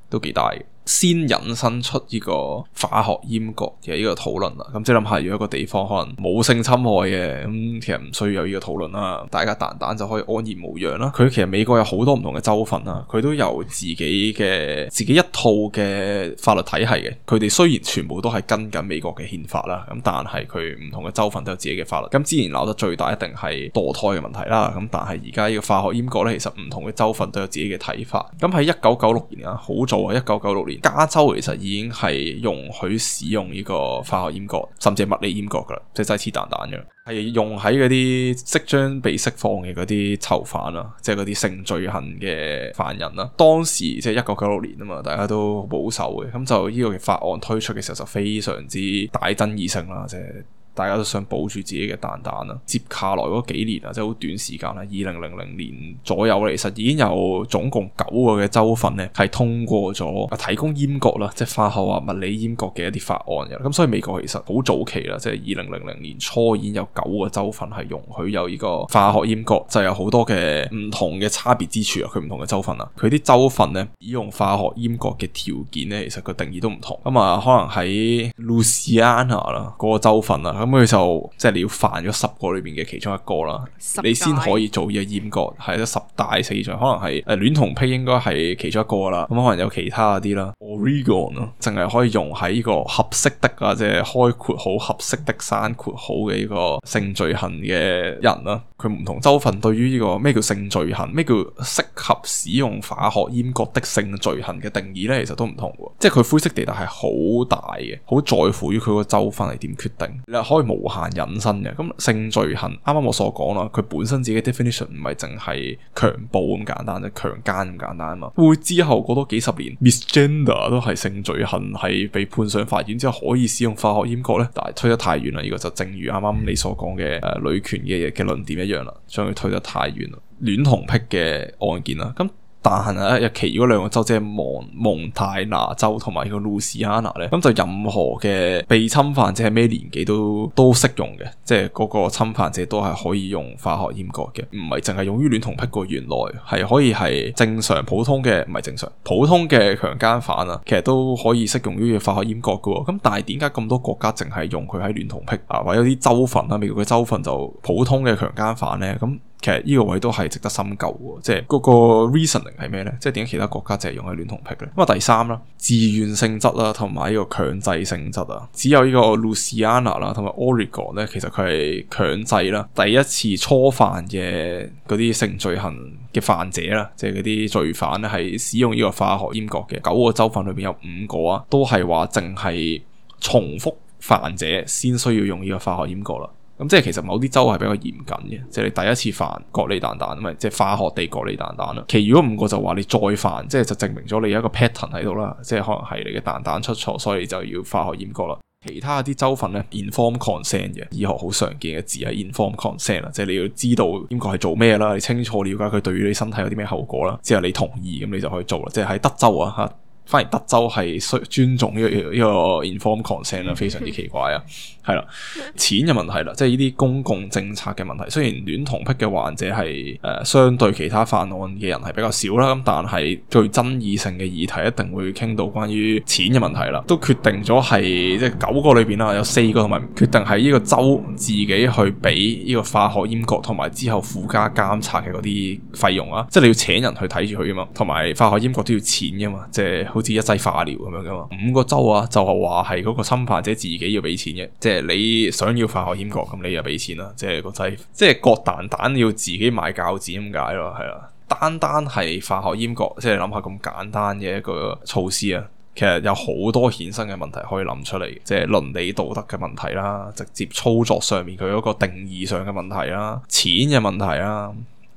都幾大嘅。先引申出呢個化學閹割嘅呢個討論啦。咁即係諗下，如果一個地方可能冇性侵害嘅，咁其實唔需要有呢個討論啦。大家蛋蛋就可以安然無恙啦。佢其實美國有好多唔同嘅州份啦，佢都有自己嘅自己一套嘅法律體系嘅。佢哋雖然全部都係跟緊美國嘅憲法啦，咁但係佢唔同嘅州份都有自己嘅法律。咁之前鬧得最大一定係墮胎嘅問題啦。咁但係而家呢個化學閹割咧，其實唔同嘅州份都有自己嘅睇法。咁喺一九九六年啊，好早啊，一九九六年。加州其實已經係容許使用呢個化學閹割，甚至物理閹割噶啦，即係雞翅蛋蛋嘅，係用喺嗰啲即將被釋放嘅嗰啲囚犯啦，即係嗰啲性罪行嘅犯人啦。當時即係一九九六年啊嘛，大家都保守嘅，咁就呢個法案推出嘅時候就非常之大爭議性啦，即係。大家都想保住自己嘅蛋蛋啦。接下來嗰幾年啊，即係好短時間啦。二零零零年左右嚟，其實已經有總共九個嘅州份咧，係通過咗提供閹割啦，即係化學啊、物理閹割嘅一啲法案嘅。咁所以美國其實好早期啦，即係二零零零年初已經有九個州份係容許有呢個化學閹割，就有好多嘅唔同嘅差別之處啊。佢唔同嘅州份啊，佢啲州份咧以用化學閹割嘅條件咧，其實個定義都唔同。咁啊，可能喺路易斯安那啦個州份啊。咁佢就即係你要犯咗十個裏邊嘅其中一個啦，代你先可以做呢個閹割係得十大四場，可能係誒、呃、戀童癖應該係其中一個啦。咁、嗯、可能有其他啲啦。Oregon 啊，淨係可以用喺呢個合適的啊，即係開闊好合適的山闊好嘅呢個性罪行嘅人啦。佢唔同州份對於呢、這個咩叫性罪行，咩叫適合使用化學閹割的性罪行嘅定義呢，其實都唔同喎。即係佢灰色地帶係好大嘅，好在乎於佢個州份係點決定。可以無限引申嘅，咁、嗯、性罪行啱啱我所講啦，佢本身自己 definition 唔係淨係強暴咁簡單，即係強奸咁簡單啊嘛，會之後過多幾十年，misgender、嗯、都係性罪行係被判上法院之後可以使用化學閹割咧，但係推得太遠啦，呢、呢個就正如啱啱你所講嘅誒女權嘅嘅論點一樣啦，將佢推得太遠啦，戀童癖嘅案件啦，咁、嗯。但係喺日期嗰兩個州，即係蒙蒙太拿州同埋個路易安娜咧，咁就任何嘅被侵犯者係咩年紀都都適用嘅，即係嗰個侵犯者都係可以用化學閹割嘅，唔係淨係用於戀童癖。原來係可以係正常普通嘅，唔係正常普通嘅強奸犯啊，其實都可以適用於化學閹割嘅喎。咁但係點解咁多國家淨係用佢喺戀童癖啊？或者有啲州份啦，譬如個州份就普通嘅強奸犯咧，咁。其實呢個位都係值得深究嘅，即係嗰個 reasoning 係咩呢？即係點解其他國家淨係用係戀童癖呢？咁啊第三啦，自願性質啦，同埋呢個強制性質啊。只有呢個 Louisiana 啦，同埋 Oregon 咧，其實佢係強制啦。第一次初犯嘅嗰啲性罪行嘅犯者啦，即係嗰啲罪犯咧，係使用呢個化學閹割嘅。九個州份裏邊有五個啊，都係話淨係重複犯者先需要用呢個化學閹割啦。咁、嗯、即係其實某啲州係比較嚴謹嘅，即係你第一次犯，割你蛋蛋啊嘛，即係化學地割你蛋蛋啦。其餘嗰五個就話你再犯，即係就證明咗你有一個 pattern 喺度啦，即係可能係你嘅蛋蛋出錯，所以就要化學閹割啦。其他啲州份咧，informed consent 嘅，以後好常見嘅字係 informed consent 啦，即係你要知道閹割係做咩啦，你清楚了解佢對於你身體有啲咩後果啦，之後你同意咁你就可以做啦。即係喺德州啊吓。反而德州係需尊重呢、這個呢、這個 informed consent 非常之奇怪啊，係啦， 錢嘅問題啦，即係呢啲公共政策嘅問題。雖然戀童癖嘅患者係誒、呃、相對其他犯案嘅人係比較少啦，咁但係最爭議性嘅議題一定會傾到關於錢嘅問題啦。都決定咗係即係九個裏邊啦，有四個同埋決定喺呢個州自己去俾呢個化學閹割同埋之後附加監察嘅嗰啲費用啊，即係你要請人去睇住佢啊嘛，同埋化學閹割都要錢噶嘛，即係好似一劑化療咁樣噶嘛？五個州啊，就係話係嗰個侵犯者自己要俾錢嘅，即係你想要化學閹割咁，你又俾錢啦。即係個劑，即係割蛋蛋要自己買鉸剪咁解咯，係啦。單單係化學閹割，即係諗下咁簡單嘅一個措施啊，其實有好多衍生嘅問題可以諗出嚟，即係倫理道德嘅問題啦，直接操作上面佢嗰個定義上嘅問題啦，錢嘅問題啦。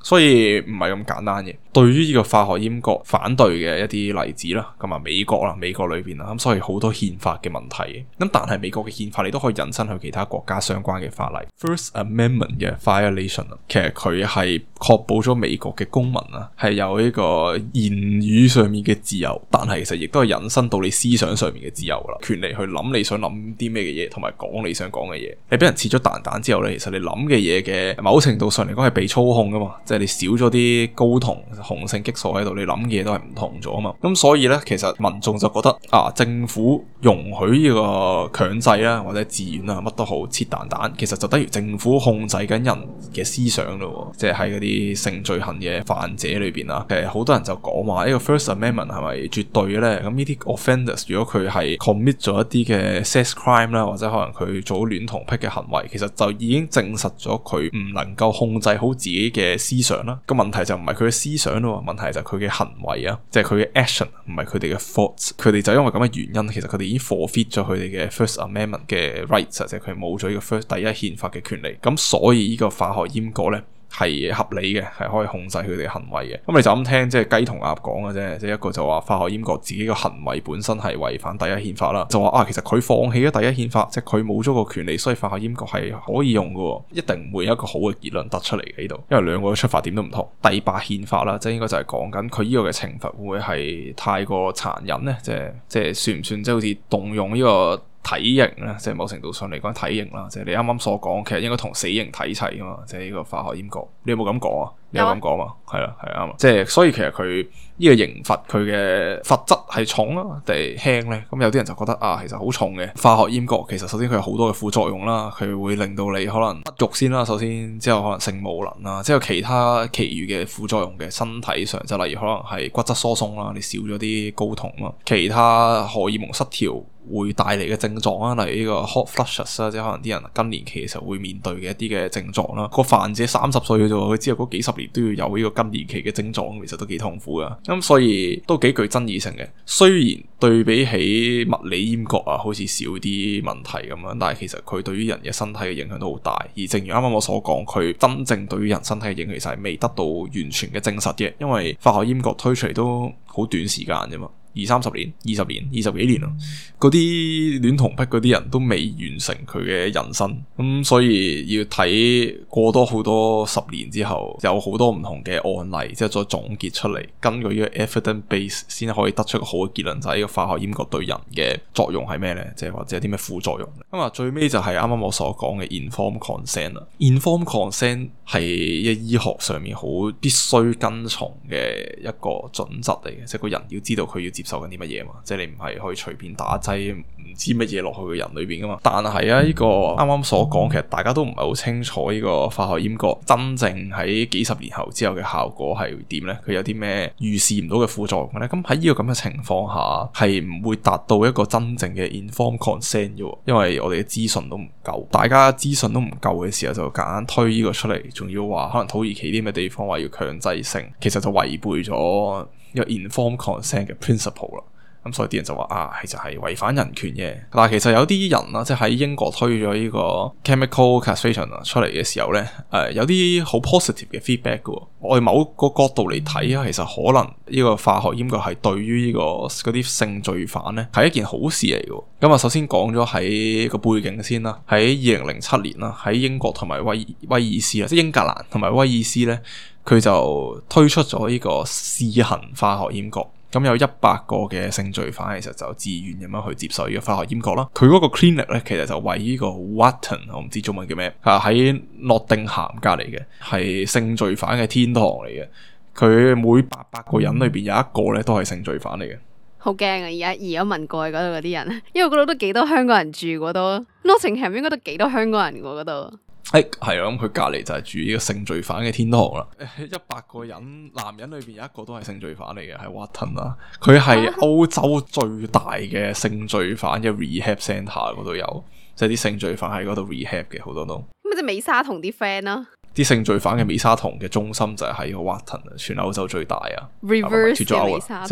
所以唔係咁簡單嘅。對於呢個化學閹割反對嘅一啲例子啦，同埋美國啦，美國裏邊啦，咁所以好多憲法嘅問題。咁但係美國嘅憲法你都可以引申去其他國家相關嘅法例。First Amendment 嘅 violation 其實佢係確保咗美國嘅公民啊，係有呢個言語上面嘅自由，但係其實亦都係引申到你思想上面嘅自由啦，權利去諗你想諗啲咩嘅嘢，同埋講你想講嘅嘢。你俾人切咗蛋蛋之後咧，其實你諗嘅嘢嘅某程度上嚟講係被操控㗎嘛。你少咗啲睾酮雄性激素喺度，你諗嘅嘢都係唔同咗啊嘛。咁所以咧，其實民眾就覺得啊，政府容許呢個強制啦，或者自願啊乜都好，切蛋蛋，其實就等於政府控制緊人嘅思想咯，哦。即係喺嗰啲性罪行嘅犯者裏邊啊，誒，好多人就講話呢個 First Amendment 係咪絕對嘅咧？咁呢啲 offenders 如果佢係 commit 咗一啲嘅 sex crime 啦，或者可能佢做戀童癖嘅行為，其實就已經證實咗佢唔能夠控制好自己嘅思想。想啦，個問題就唔係佢嘅思想咯，問題就係佢嘅行為啊，即係佢嘅 action，唔係佢哋嘅 thought。佢哋就因為咁嘅原因，其實佢哋已經 forfeit 咗佢哋嘅 First Amendment 嘅 rights，即係佢冇咗呢個 first 第一憲法嘅權利。咁所以個呢個化學閹割咧，係合理嘅，係可以控制佢哋行為嘅。咁你就咁聽，即係雞同鴨講嘅啫。即係一個就話化學閹割自己嘅行為本身係違反第一憲法啦。就話啊，其實佢放棄咗第一憲法，即係佢冇咗個權利，所以化學閹割係可以用嘅、哦。一定唔會有一個好嘅結論得出嚟喺度，因為兩個嘅出發點都唔同。第八憲法啦，即係應該就係講緊佢呢個嘅懲罰會唔會係太過殘忍呢，即係即係算唔算即係好似動用呢、這個？體型咧，即係某程度上嚟講，體型啦，即係你啱啱所講，其實應該同死刑睇齊㗎嘛，即係呢個化學閹割，你有冇咁講啊？有咁講嘛，係啊，係啊。即係、就是、所以其實佢呢個刑罰佢嘅罰則係重啊定係輕咧？咁、嗯、有啲人就覺得啊，其實好重嘅化學閹割，其實首先佢有好多嘅副作用啦，佢會令到你可能不育先啦，首先，之後可能性無能啦，之後其他其餘嘅副作用嘅身體上，就是、例如可能係骨質疏鬆啦，你少咗啲睾酮啊，其他荷爾蒙失調會帶嚟嘅症狀啊，例如呢個 hot flushes 啊，即係可能啲人更年期嘅時候會面對嘅一啲嘅症狀啦。那個患者三十歲嘅啫喎，佢之後嗰幾十年。都要有呢個更年期嘅症狀，其實都幾痛苦噶。咁、嗯、所以都幾具爭議性嘅。雖然對比起物理閹割啊，好似少啲問題咁樣，但係其實佢對於人嘅身體嘅影響都好大。而正如啱啱我所講，佢真正對於人身體嘅影響，其實係未得到完全嘅證實嘅。因為化學閹割推出嚟都好短時間啫嘛。二三十年、二十年、二十幾年咯，嗰啲戀童癖嗰啲人都未完成佢嘅人生，咁所以要睇過多好多十年之後有好多唔同嘅案例，之後再總結出嚟，根據呢個 evidence base 先可以得出個好嘅結論就係、是、呢個化學閹割對人嘅作用係咩咧？即係或者有啲咩副作用？咁啊，最尾就係啱啱我所講嘅 informed consent 啦。informed consent 係一醫學上面好必須跟從嘅一個準則嚟嘅，即係個人要知道佢要接受緊啲乜嘢嘛？即係你唔係可以隨便打劑唔知乜嘢落去嘅人裏邊噶嘛？但係啊，呢個啱啱所講，其實大家都唔係好清楚呢個化學閹割真正喺幾十年後之後嘅效果係點呢？佢有啲咩預示唔到嘅副作用呢？咁喺呢個咁嘅情況下，係唔會達到一個真正嘅 informed consent 嘅。因為我哋嘅資訊都唔夠，大家資訊都唔夠嘅時候，就夾硬推呢個出嚟，仲要話可能土耳其啲咩地方話要強制性，其實就違背咗。有 informed consent 嘅 principle 啦，咁、嗯、所以啲人就話啊，其實係違反人權嘅。嗱，其實有啲人啦、啊，即係喺英國推咗呢個 chemical castration 出嚟嘅時候咧，誒、呃、有啲好 positive 嘅 feedback 嘅、哦。我哋某個角度嚟睇啊，其實可能呢個化學閹割係對於呢、這個嗰啲性罪犯咧係一件好事嚟嘅。咁、嗯、啊，首先講咗喺個背景先啦，喺二零零七年啦，喺英國同埋威威爾斯啊，即係英格蘭同埋威爾斯咧。佢就推出咗呢個試行化學閹割，咁有一百個嘅性罪犯其實就自願咁樣去接受呢個化學閹割啦。佢嗰個 clinic 咧，其實就位於個 Whatton，我唔知中文叫咩啊，喺諾定咸隔離嘅，係性罪犯嘅天堂嚟嘅。佢每八百個人裏邊有一個咧，都係性罪犯嚟嘅。好驚啊！而家我問過嗰度嗰啲人，因為嗰度都幾多香港人住，嗰度諾定咸應該都幾多香港人㗎嗰度。誒，係啊，咁佢隔籬就係住呢個性罪犯嘅天堂啦。一百個人男人裏邊有一個都係性罪犯嚟嘅，喺 Watton 啦、啊。佢係歐洲最大嘅性罪犯嘅 Rehab Centre，嗰度有即係啲性罪犯喺嗰度 Rehab 嘅，好多都。咩即係美沙酮啲 friend 啦？啲性罪犯嘅美沙酮嘅中心就係喺 Watton 啊，全歐洲最大啊。Reverse 即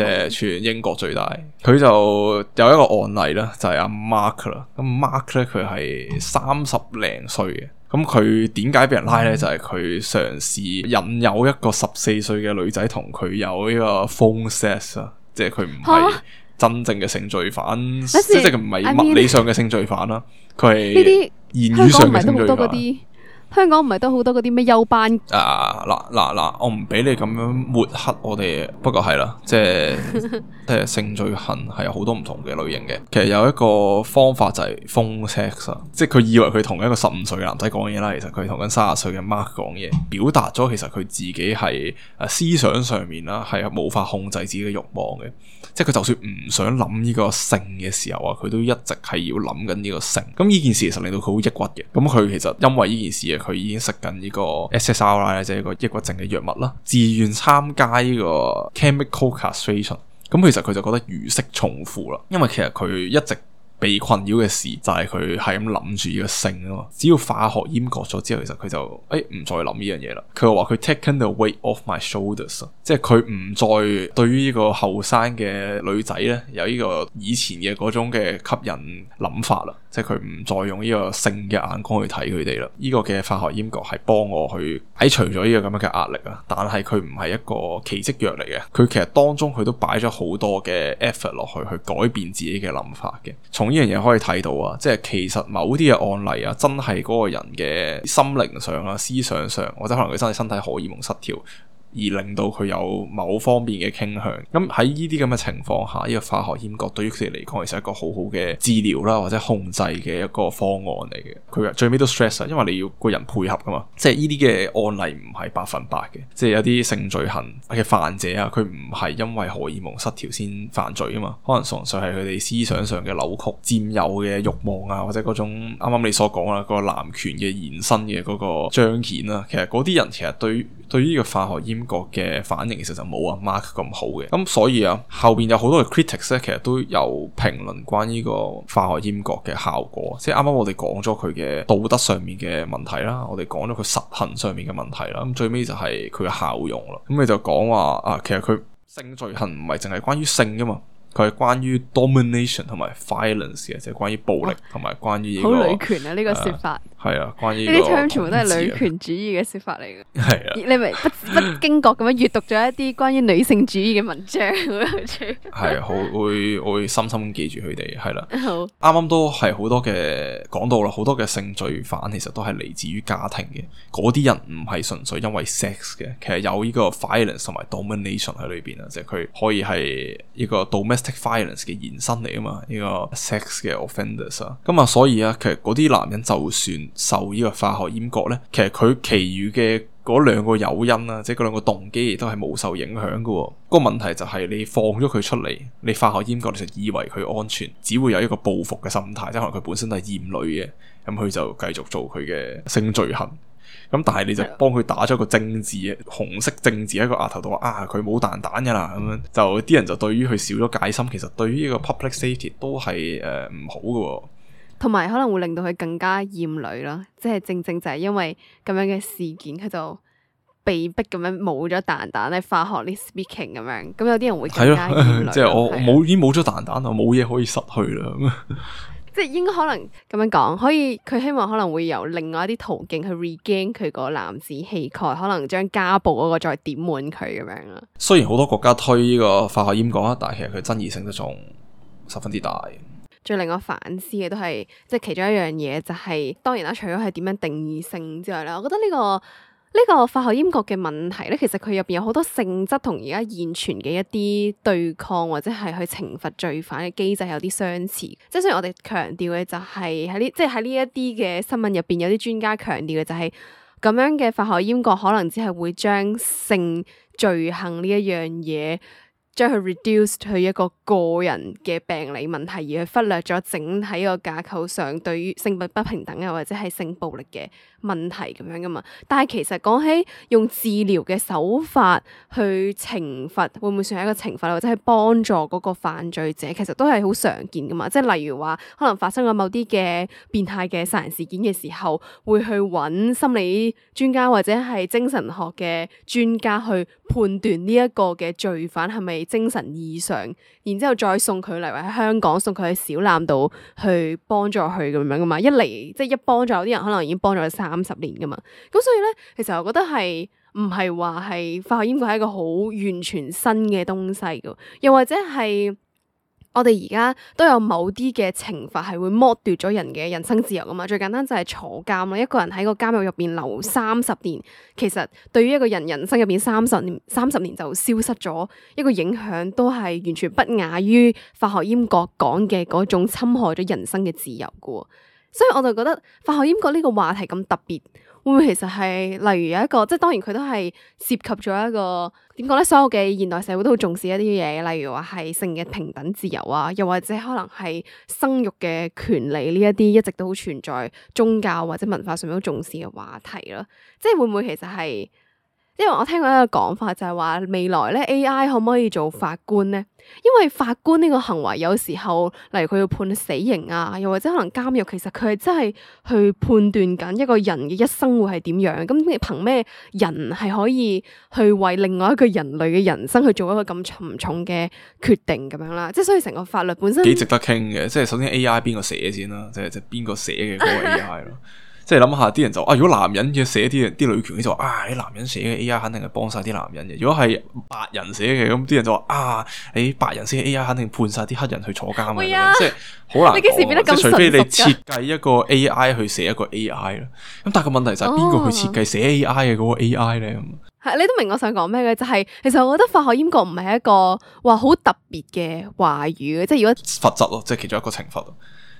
係全英國最大。佢對就有一個案例啦，就係、是、阿、啊、Mark 啦。咁 Mark 咧，佢係三十零歲嘅。咁佢點解俾人拉咧？就係佢嘗試引誘一個十四歲嘅女仔同佢有呢個 phone sex 啊，即係佢唔係真正嘅性罪犯，蛤即係唔係物理上嘅性罪犯啦。佢係呢啲言語上嘅性罪犯。香港唔係都好多嗰啲？香港唔係都好多嗰啲咩？幼班啊！嗱嗱嗱，我唔俾你咁樣抹黑我哋。不過係啦，即係。 誒性罪行係有好多唔同嘅類型嘅，其實有一個方法就係 phone sex 啊，即係佢以為佢同一個十五歲嘅男仔講嘢啦，其實佢同緊三十歲嘅 Mark 講嘢，表達咗其實佢自己係誒思想上面啦，係冇法控制自己嘅欲望嘅，即係佢就算唔想諗呢個性嘅時候啊，佢都一直係要諗緊呢個性，咁呢件事其實令到佢好抑鬱嘅，咁佢其實因為呢件事啊，佢已經食緊呢個 SSRI 即係一個抑鬱症嘅藥物啦，自願參加呢個 chemical castration。咁其實佢就覺得如釋重負啦，因為其實佢一直被困擾嘅事就係佢係咁諗住呢個性啊嘛。只要化學閹割咗之後，其實佢就誒唔、欸、再諗呢樣嘢啦。佢又話佢 take the weight off my shoulders，即係佢唔再對於個呢個後生嘅女仔咧有呢個以前嘅嗰種嘅吸引諗法啦。即係佢唔再用呢個性嘅眼光去睇佢哋啦，呢個嘅化學閹割係幫我去解除咗呢個咁樣嘅壓力啦。但係佢唔係一個奇蹟藥嚟嘅，佢其實當中佢都擺咗好多嘅 effort 落去去改變自己嘅諗法嘅。從呢樣嘢可以睇到啊，即係其實某啲嘅案例啊，真係嗰個人嘅心靈上啊、思想上，或者可能佢真係身體荷爾蒙失調。而令到佢有某方面嘅傾向，咁喺呢啲咁嘅情況下，呢個化學閹割對於佢哋嚟講，其實一個好好嘅治療啦，或者控制嘅一個方案嚟嘅。佢啊最尾都 stress 啊，因為你要個人配合噶嘛，即係呢啲嘅案例唔係百分百嘅，即係有啲性罪行嘅犯者啊，佢唔係因為荷爾蒙失調先犯罪啊嘛，可能純粹係佢哋思想上嘅扭曲、佔有嘅欲望啊，或者嗰種啱啱你所講啦個男權嘅延伸嘅嗰個彰顯啊，其實嗰啲人其實對對於個化學閹割嘅反應、啊，其實就冇阿 Mark 咁好嘅。咁所以啊，後邊有好多嘅 critics 咧，其實都有評論關於呢個化學閹割嘅效果。即係啱啱我哋講咗佢嘅道德上面嘅問題啦，我哋講咗佢實行上面嘅問題啦。咁最尾就係佢嘅效用啦。咁你就講話啊，其實佢性罪行唔係淨係關於性噶嘛。佢係關於 domination 同埋 violence 嘅，就係關於暴力同埋關於好、這個啊、女權啊呢、這個說法係啊，啊，關於呢啲全部都係女權主義嘅說法嚟嘅。係 啊，你咪不是不，不經覺咁樣閱讀咗一啲關於女性主義嘅文章，好有趣。係啊，好會我會深深記住佢哋。係啦、啊，啱啱好都係好多嘅講到啦，好多嘅性罪犯其實都係嚟自於家庭嘅。嗰啲人唔係純粹因為 sex 嘅，其實有呢個 violence 同埋 domination 喺裏邊啊，即係佢可以係呢個 domestic violence 嘅延伸嚟啊嘛呢個 sex 嘅 offenders 啊，咁啊所以啊其實嗰啲男人就算受呢個化學閹割咧，其實佢其餘嘅嗰兩個誘因啊，即係嗰兩個動機亦都係冇受影響噶。個問題就係你放咗佢出嚟，你化學閹割，你就以為佢安全，只會有一個報復嘅心態，即係可能佢本身都係厭女嘅，咁佢就繼續做佢嘅性罪行。咁、嗯、但係你就幫佢打咗個政治的紅色政治喺個額頭度啊，佢冇蛋蛋噶啦，咁樣就啲人就對於佢少咗戒心，其實對於呢個 public safety 都係誒唔好嘅、哦，同埋可能會令到佢更加厭女啦。即、就、係、是、正正就係因為咁樣嘅事件，佢就被逼咁樣冇咗蛋蛋咧，化學呢 speaking 咁樣，咁有啲人會即係的、就是、我冇，的已經冇咗蛋蛋啦，冇嘢可以失去啦。 即係應該可能咁樣講，可以佢希望可能會由另外一啲途徑去 regain 佢個男子氣概，可能將家暴嗰個再點滿佢咁樣咯。雖然好多國家推呢個化學閹割，但係其實佢爭議性都仲十分之大。最令我反思嘅都係，即係其中一樣嘢就係、是，當然啦，除咗係點樣定義性之外咧，我覺得呢、這個。呢個化學閹割嘅問題咧，其實佢入邊有好多性質同而家現存嘅一啲對抗或者係去懲罰罪犯嘅機制有啲相似。即係雖然我哋強調嘅就係喺呢，即係喺呢一啲嘅新聞入邊有啲專家強調嘅就係、是、咁樣嘅化學閹割可能只係會將性罪行呢一樣嘢將佢 reduced 去一個個人嘅病理問題，而去忽略咗整體個架構上對於性別不平等啊或者係性暴力嘅。問題咁樣噶嘛？但係其實講起用治療嘅手法去懲罰，會唔會算係一個懲罰，或者係幫助嗰個犯罪者？其實都係好常見噶嘛。即係例如話，可能發生咗某啲嘅變態嘅殺人事件嘅時候，會去揾心理專家或者係精神學嘅專家去判斷呢一個嘅罪犯係咪精神異常，然之後再送佢嚟或喺香港送佢去小欖度去幫助佢咁樣噶嘛。一嚟即係一幫助有啲人，可能已經幫助咗三。三十年噶嘛，咁所以咧，其實我覺得係唔係話係化學閹割係一個好完全新嘅東西噶，又或者係我哋而家都有某啲嘅懲罰係會剝奪咗人嘅人生自由噶嘛。最簡單就係坐監啦，一個人喺個監獄入邊留三十年，其實對於一個人人生入邊三十年，三十年就消失咗，一個影響都係完全不亞於化學閹割講嘅嗰種侵害咗人生嘅自由噶。所以我就覺得化學閹割呢個話題咁特別，會唔會其實係，例如有一個，即係當然佢都係涉及咗一個點講咧，所有嘅現代社會都好重視一啲嘢，例如話係性嘅平等自由啊，又或者可能係生育嘅權利呢一啲，一直都好存在宗教或者文化上面好重視嘅話題咯，即係會唔會其實係？因為我聽過一個講法，就係話未來咧 AI 可唔可以做法官咧？因為法官呢個行為有時候，例如佢要判死刑啊，又或者可能監獄，其實佢係真係去判斷緊一個人嘅一生會係點樣。咁你憑咩人係可以去為另外一個人類嘅人生去做一個咁沉重嘅決定咁樣啦？即係所以成個法律本身幾值得傾嘅。即係首先 AI 邊個寫先啦？即係即係邊個寫嘅嗰個 AI 咯？即係諗下，啲人就啊，如果男人要寫啲啲女權，你就話啊，你男人寫嘅 A.I. 肯定係幫晒啲男人嘅。如果係白人寫嘅，咁啲人就話啊，你、哎、白人寫嘅 A.I. 肯定判晒啲黑人去坐監啊！呀即係好難講，你幾時變得咁？除非你設計一個 A.I. 去寫一個 A.I. 咯。咁但係個問題就係邊個去設計寫 A.I. 嘅嗰個 A.I. 咧？係、哦、你都明我想講咩嘅？就係、是、其實我覺得化學閹割唔係一個話好特別嘅話語，即係如果罰則咯，即係其中一個懲罰，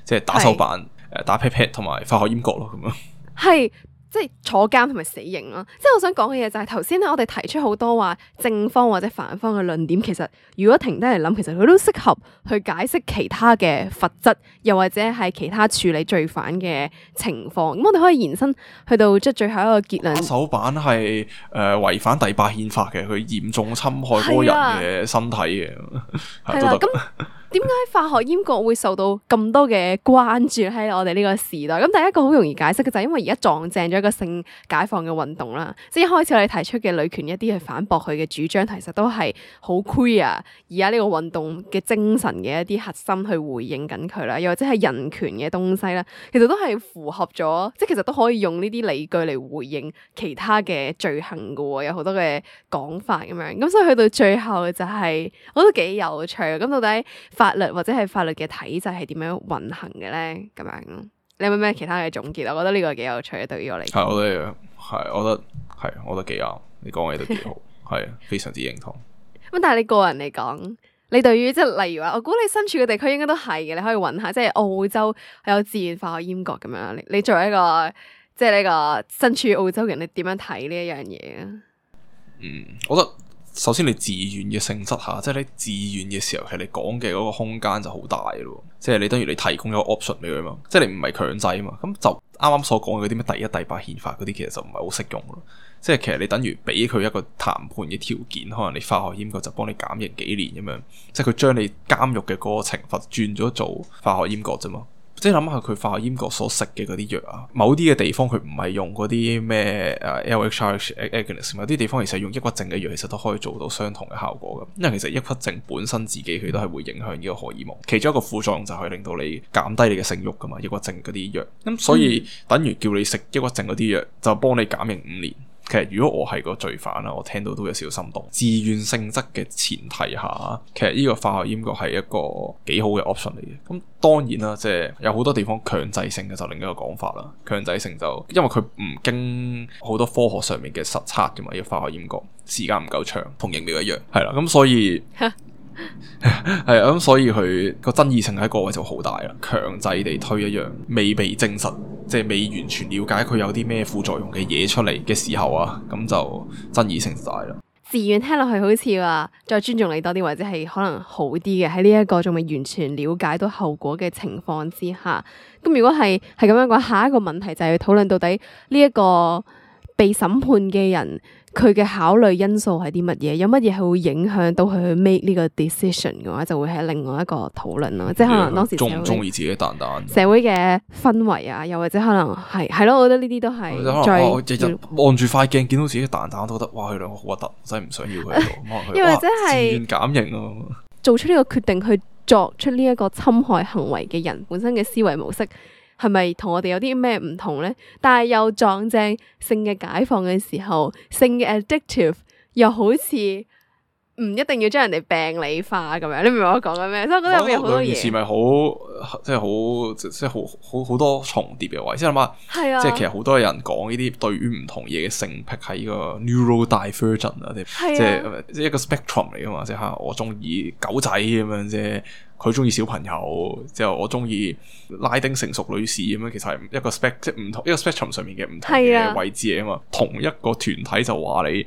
即係打手板。誒，打屁屁同埋化學閹割咯，咁 啊，係即係坐監同埋死刑咯。即係我想講嘅嘢，就係頭先咧，我哋提出好多話正方或者反方嘅論點，其實如果停低嚟諗，其實佢都適合去解釋其他嘅罰則，又或者係其他處理罪犯嘅情況。咁我哋可以延伸去到即係最後一個結論。手板係誒違反第八憲法嘅，佢嚴重侵害個人嘅身體嘅，係咁。點解化學閹割會受到咁多嘅關注喺我哋呢個時代？咁第一個好容易解釋嘅就係因為而家撞正咗一個性解放嘅運動啦。即係一開始我哋提出嘅女權一啲去反駁佢嘅主張，其實都係好 queer。而家呢個運動嘅精神嘅一啲核心去回應緊佢啦，又或者係人權嘅東西啦，其實都係符合咗。即係其實都可以用呢啲理據嚟回應其他嘅罪行噶。有好多嘅講法咁樣。咁所以去到最後就係、是，我覺得幾有趣。咁到底？法律或者係法律嘅體制係點樣運行嘅咧？咁樣，你有冇咩其他嘅總結啊？我覺得呢個幾有趣，對於我嚟講，我都係，我覺得係，我覺得幾啱。你講嘅嘢都幾好，係 非常之認同。咁但係你個人嚟講，你對於即係例如話，我估你身處嘅地區應該都係嘅，你可以揾下，即係澳洲有自然化學閹割咁樣你。你作為一個即係呢個身處澳洲嘅人，你點樣睇呢一樣嘢啊？嗯，我覺得。首先你自願嘅性質下，即係你自願嘅時候，其實你講嘅嗰個空間就好大咯。即係你等於你提供咗個 option 俾佢嘛，即係你唔係強制啊嘛。咁就啱啱所講嘅嗰啲咩第一、第八憲法嗰啲，其實就唔係好適用咯。即係其實你等於俾佢一個談判嘅條件，可能你化學閹割就幫你減刑幾年咁樣，即係佢將你監獄嘅嗰個懲罰轉咗做化學閹割啫嘛。即係諗下佢化學閹割所食嘅嗰啲藥啊，某啲嘅地方佢唔係用嗰啲咩啊 LHRH，有啲地方其實用抑鬱症嘅藥，其實都可以做到相同嘅效果噶。因為其實抑鬱症本身自己佢都係會影響呢個荷爾蒙，其中一個副作用就係令到你減低你嘅性欲噶嘛。抑鬱症嗰啲藥，咁所以、嗯、等於叫你食抑鬱症嗰啲藥，就幫你減刑五年。其實如果我係個罪犯啦，我聽到都有少少心動。自願性質嘅前提下，其實呢個化學閹割係一個幾好嘅 option 嚟嘅。咁當然啦，即係有好多地方強制性嘅就另一個講法啦。強制性就因為佢唔經好多科學上面嘅實測噶嘛，呢個化學閹割時間唔夠長，同疫苗一樣，係啦。咁所以。 係咁、 嗯，所以佢個爭議性喺個位就好大啦。強制地推一樣未被證實，即係未完全了解佢有啲咩副作用嘅嘢出嚟嘅時候啊，咁就爭議性大啦。自願聽落去好似話再尊重你多啲，或者係可能好啲嘅。喺呢一個仲未完全了解到後果嘅情況之下，咁如果係係咁樣嘅話，下一個問題就係去討論到底呢一個被審判嘅人。佢嘅考慮因素係啲乜嘢？有乜嘢係會影響到佢去 make 呢個 decision 嘅話，就會喺另外一個討論咯。即係可能當時仲唔鍾意自己蛋蛋。社會嘅氛圍啊，又或者可能係係咯，我覺得呢啲都係最望住塊鏡見到自己蛋蛋，都覺得哇！佢兩個好核突，真係唔想要佢做。」又或者佢自願減刑咯。做出呢個決定去作出呢一個侵害行為嘅人本身嘅思維模式。係咪同我哋有啲咩唔同咧？但係又撞正性嘅解放嘅時候，性嘅 addictive 又好似唔一定要將人哋病理化咁樣，你明唔明我講緊咩？所以我覺得係咪有好多嘢。類似咪好即係好即係好好好多重疊嘅位，即係嘛？係啊。即係其實好多人講呢啲對於唔同嘢嘅性癖係呢個 neurodivergent 係啊，即個，即係即係一個 spectrum 嚟噶嘛，即係我中意狗仔咁樣啫。佢中意小朋友，之後我中意拉丁成熟女士咁樣，其實係一個 spec 即係唔同，同、啊、同一個 spectrum 上面嘅唔同嘅位置嚟啊嘛。同一個團體就話你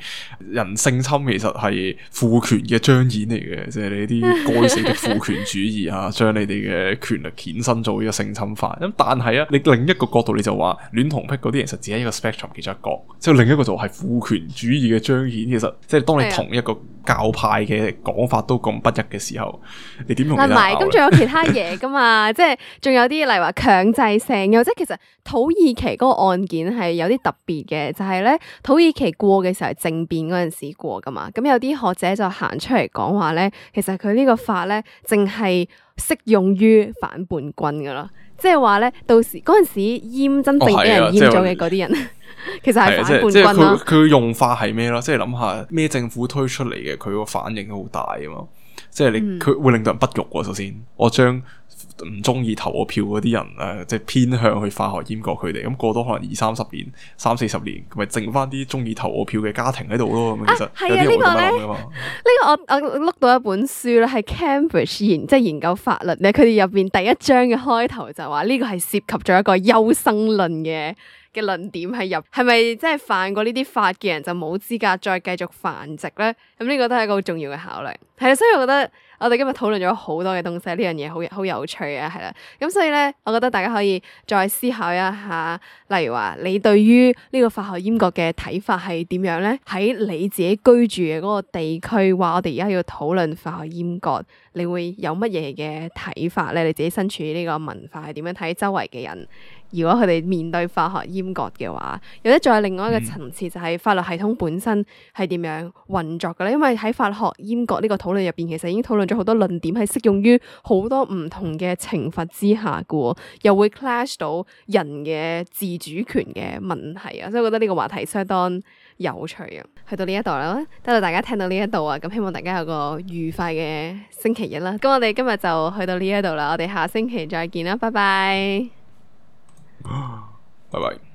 人性侵其實係父權嘅彰顯嚟嘅，即、就、係、是、你啲該死嘅父權主義 啊，將你哋嘅權力延伸做一個性侵犯。咁但係啊，你另一個角度你就話戀童癖嗰啲其實只係一個 spectrum 其中一個，之後另一個就係父權主義嘅彰顯。其實即係當你同一個教派嘅講法都咁不一嘅時候，你點同？是。咁仲、嗯、有其他嘢噶嘛？即係仲有啲，例如話強制性，又即係其實土耳其嗰個案件係有啲特別嘅，就係、是、咧土耳其過嘅時候係政變嗰陣時過噶嘛。咁有啲學者就行出嚟講話咧，其實佢呢個法咧，淨係適用於反叛軍噶咯。即係話咧，到時嗰陣時閹真正俾人閹咗嘅嗰啲人，哦啊、 其實係反叛軍佢、啊啊、用法係咩咯？即係諗下咩政府推出嚟嘅，佢個反應好大啊嘛。即係你佢會令到人不育喎。首先，我將唔中意投我票嗰啲人誒、呃，即係偏向去化學閹割佢哋。咁過多可能二三十年、三四十年，咪剩翻啲中意投我票嘅家庭喺度咯。啊、其實有啲好、啊這個、呢個我我碌到一本書咧，係 Cambridge 研，即係研究法律咧，佢哋入邊第一章嘅開頭就話呢個係涉及咗一個優生論嘅。嘅論點係入係咪真係犯過呢啲法嘅人就冇資格再繼續繁殖咧？咁呢個都係一個好重要嘅考慮。係啊，所以我覺得我哋今日討論咗好多嘅東西，呢樣嘢好好有趣啊。係啦，咁所以咧，我覺得大家可以再思考一下，例如話你對於呢個化學閹割嘅睇法係點樣咧？喺你自己居住嘅嗰個地區，話我哋而家要討論化學閹割。你會有乜嘢嘅睇法咧？你自己身處呢個文化係點樣睇周圍嘅人？如果佢哋面對化學閹割嘅話，有得再另外一個層次就係法律系統本身係點樣運作嘅咧？因為喺化學閹割呢個討論入邊，其實已經討論咗好多論點係適用於好多唔同嘅懲罰之下嘅又會 clash 到人嘅自主權嘅問題啊！所以我覺得呢個話題相當有趣啊～去到呢一度啦，得啦，大家聽到呢一度啊，咁希望大家有個愉快嘅星期日啦。咁我哋今日就去到呢一度啦，我哋下星期再見啦，拜拜，拜拜。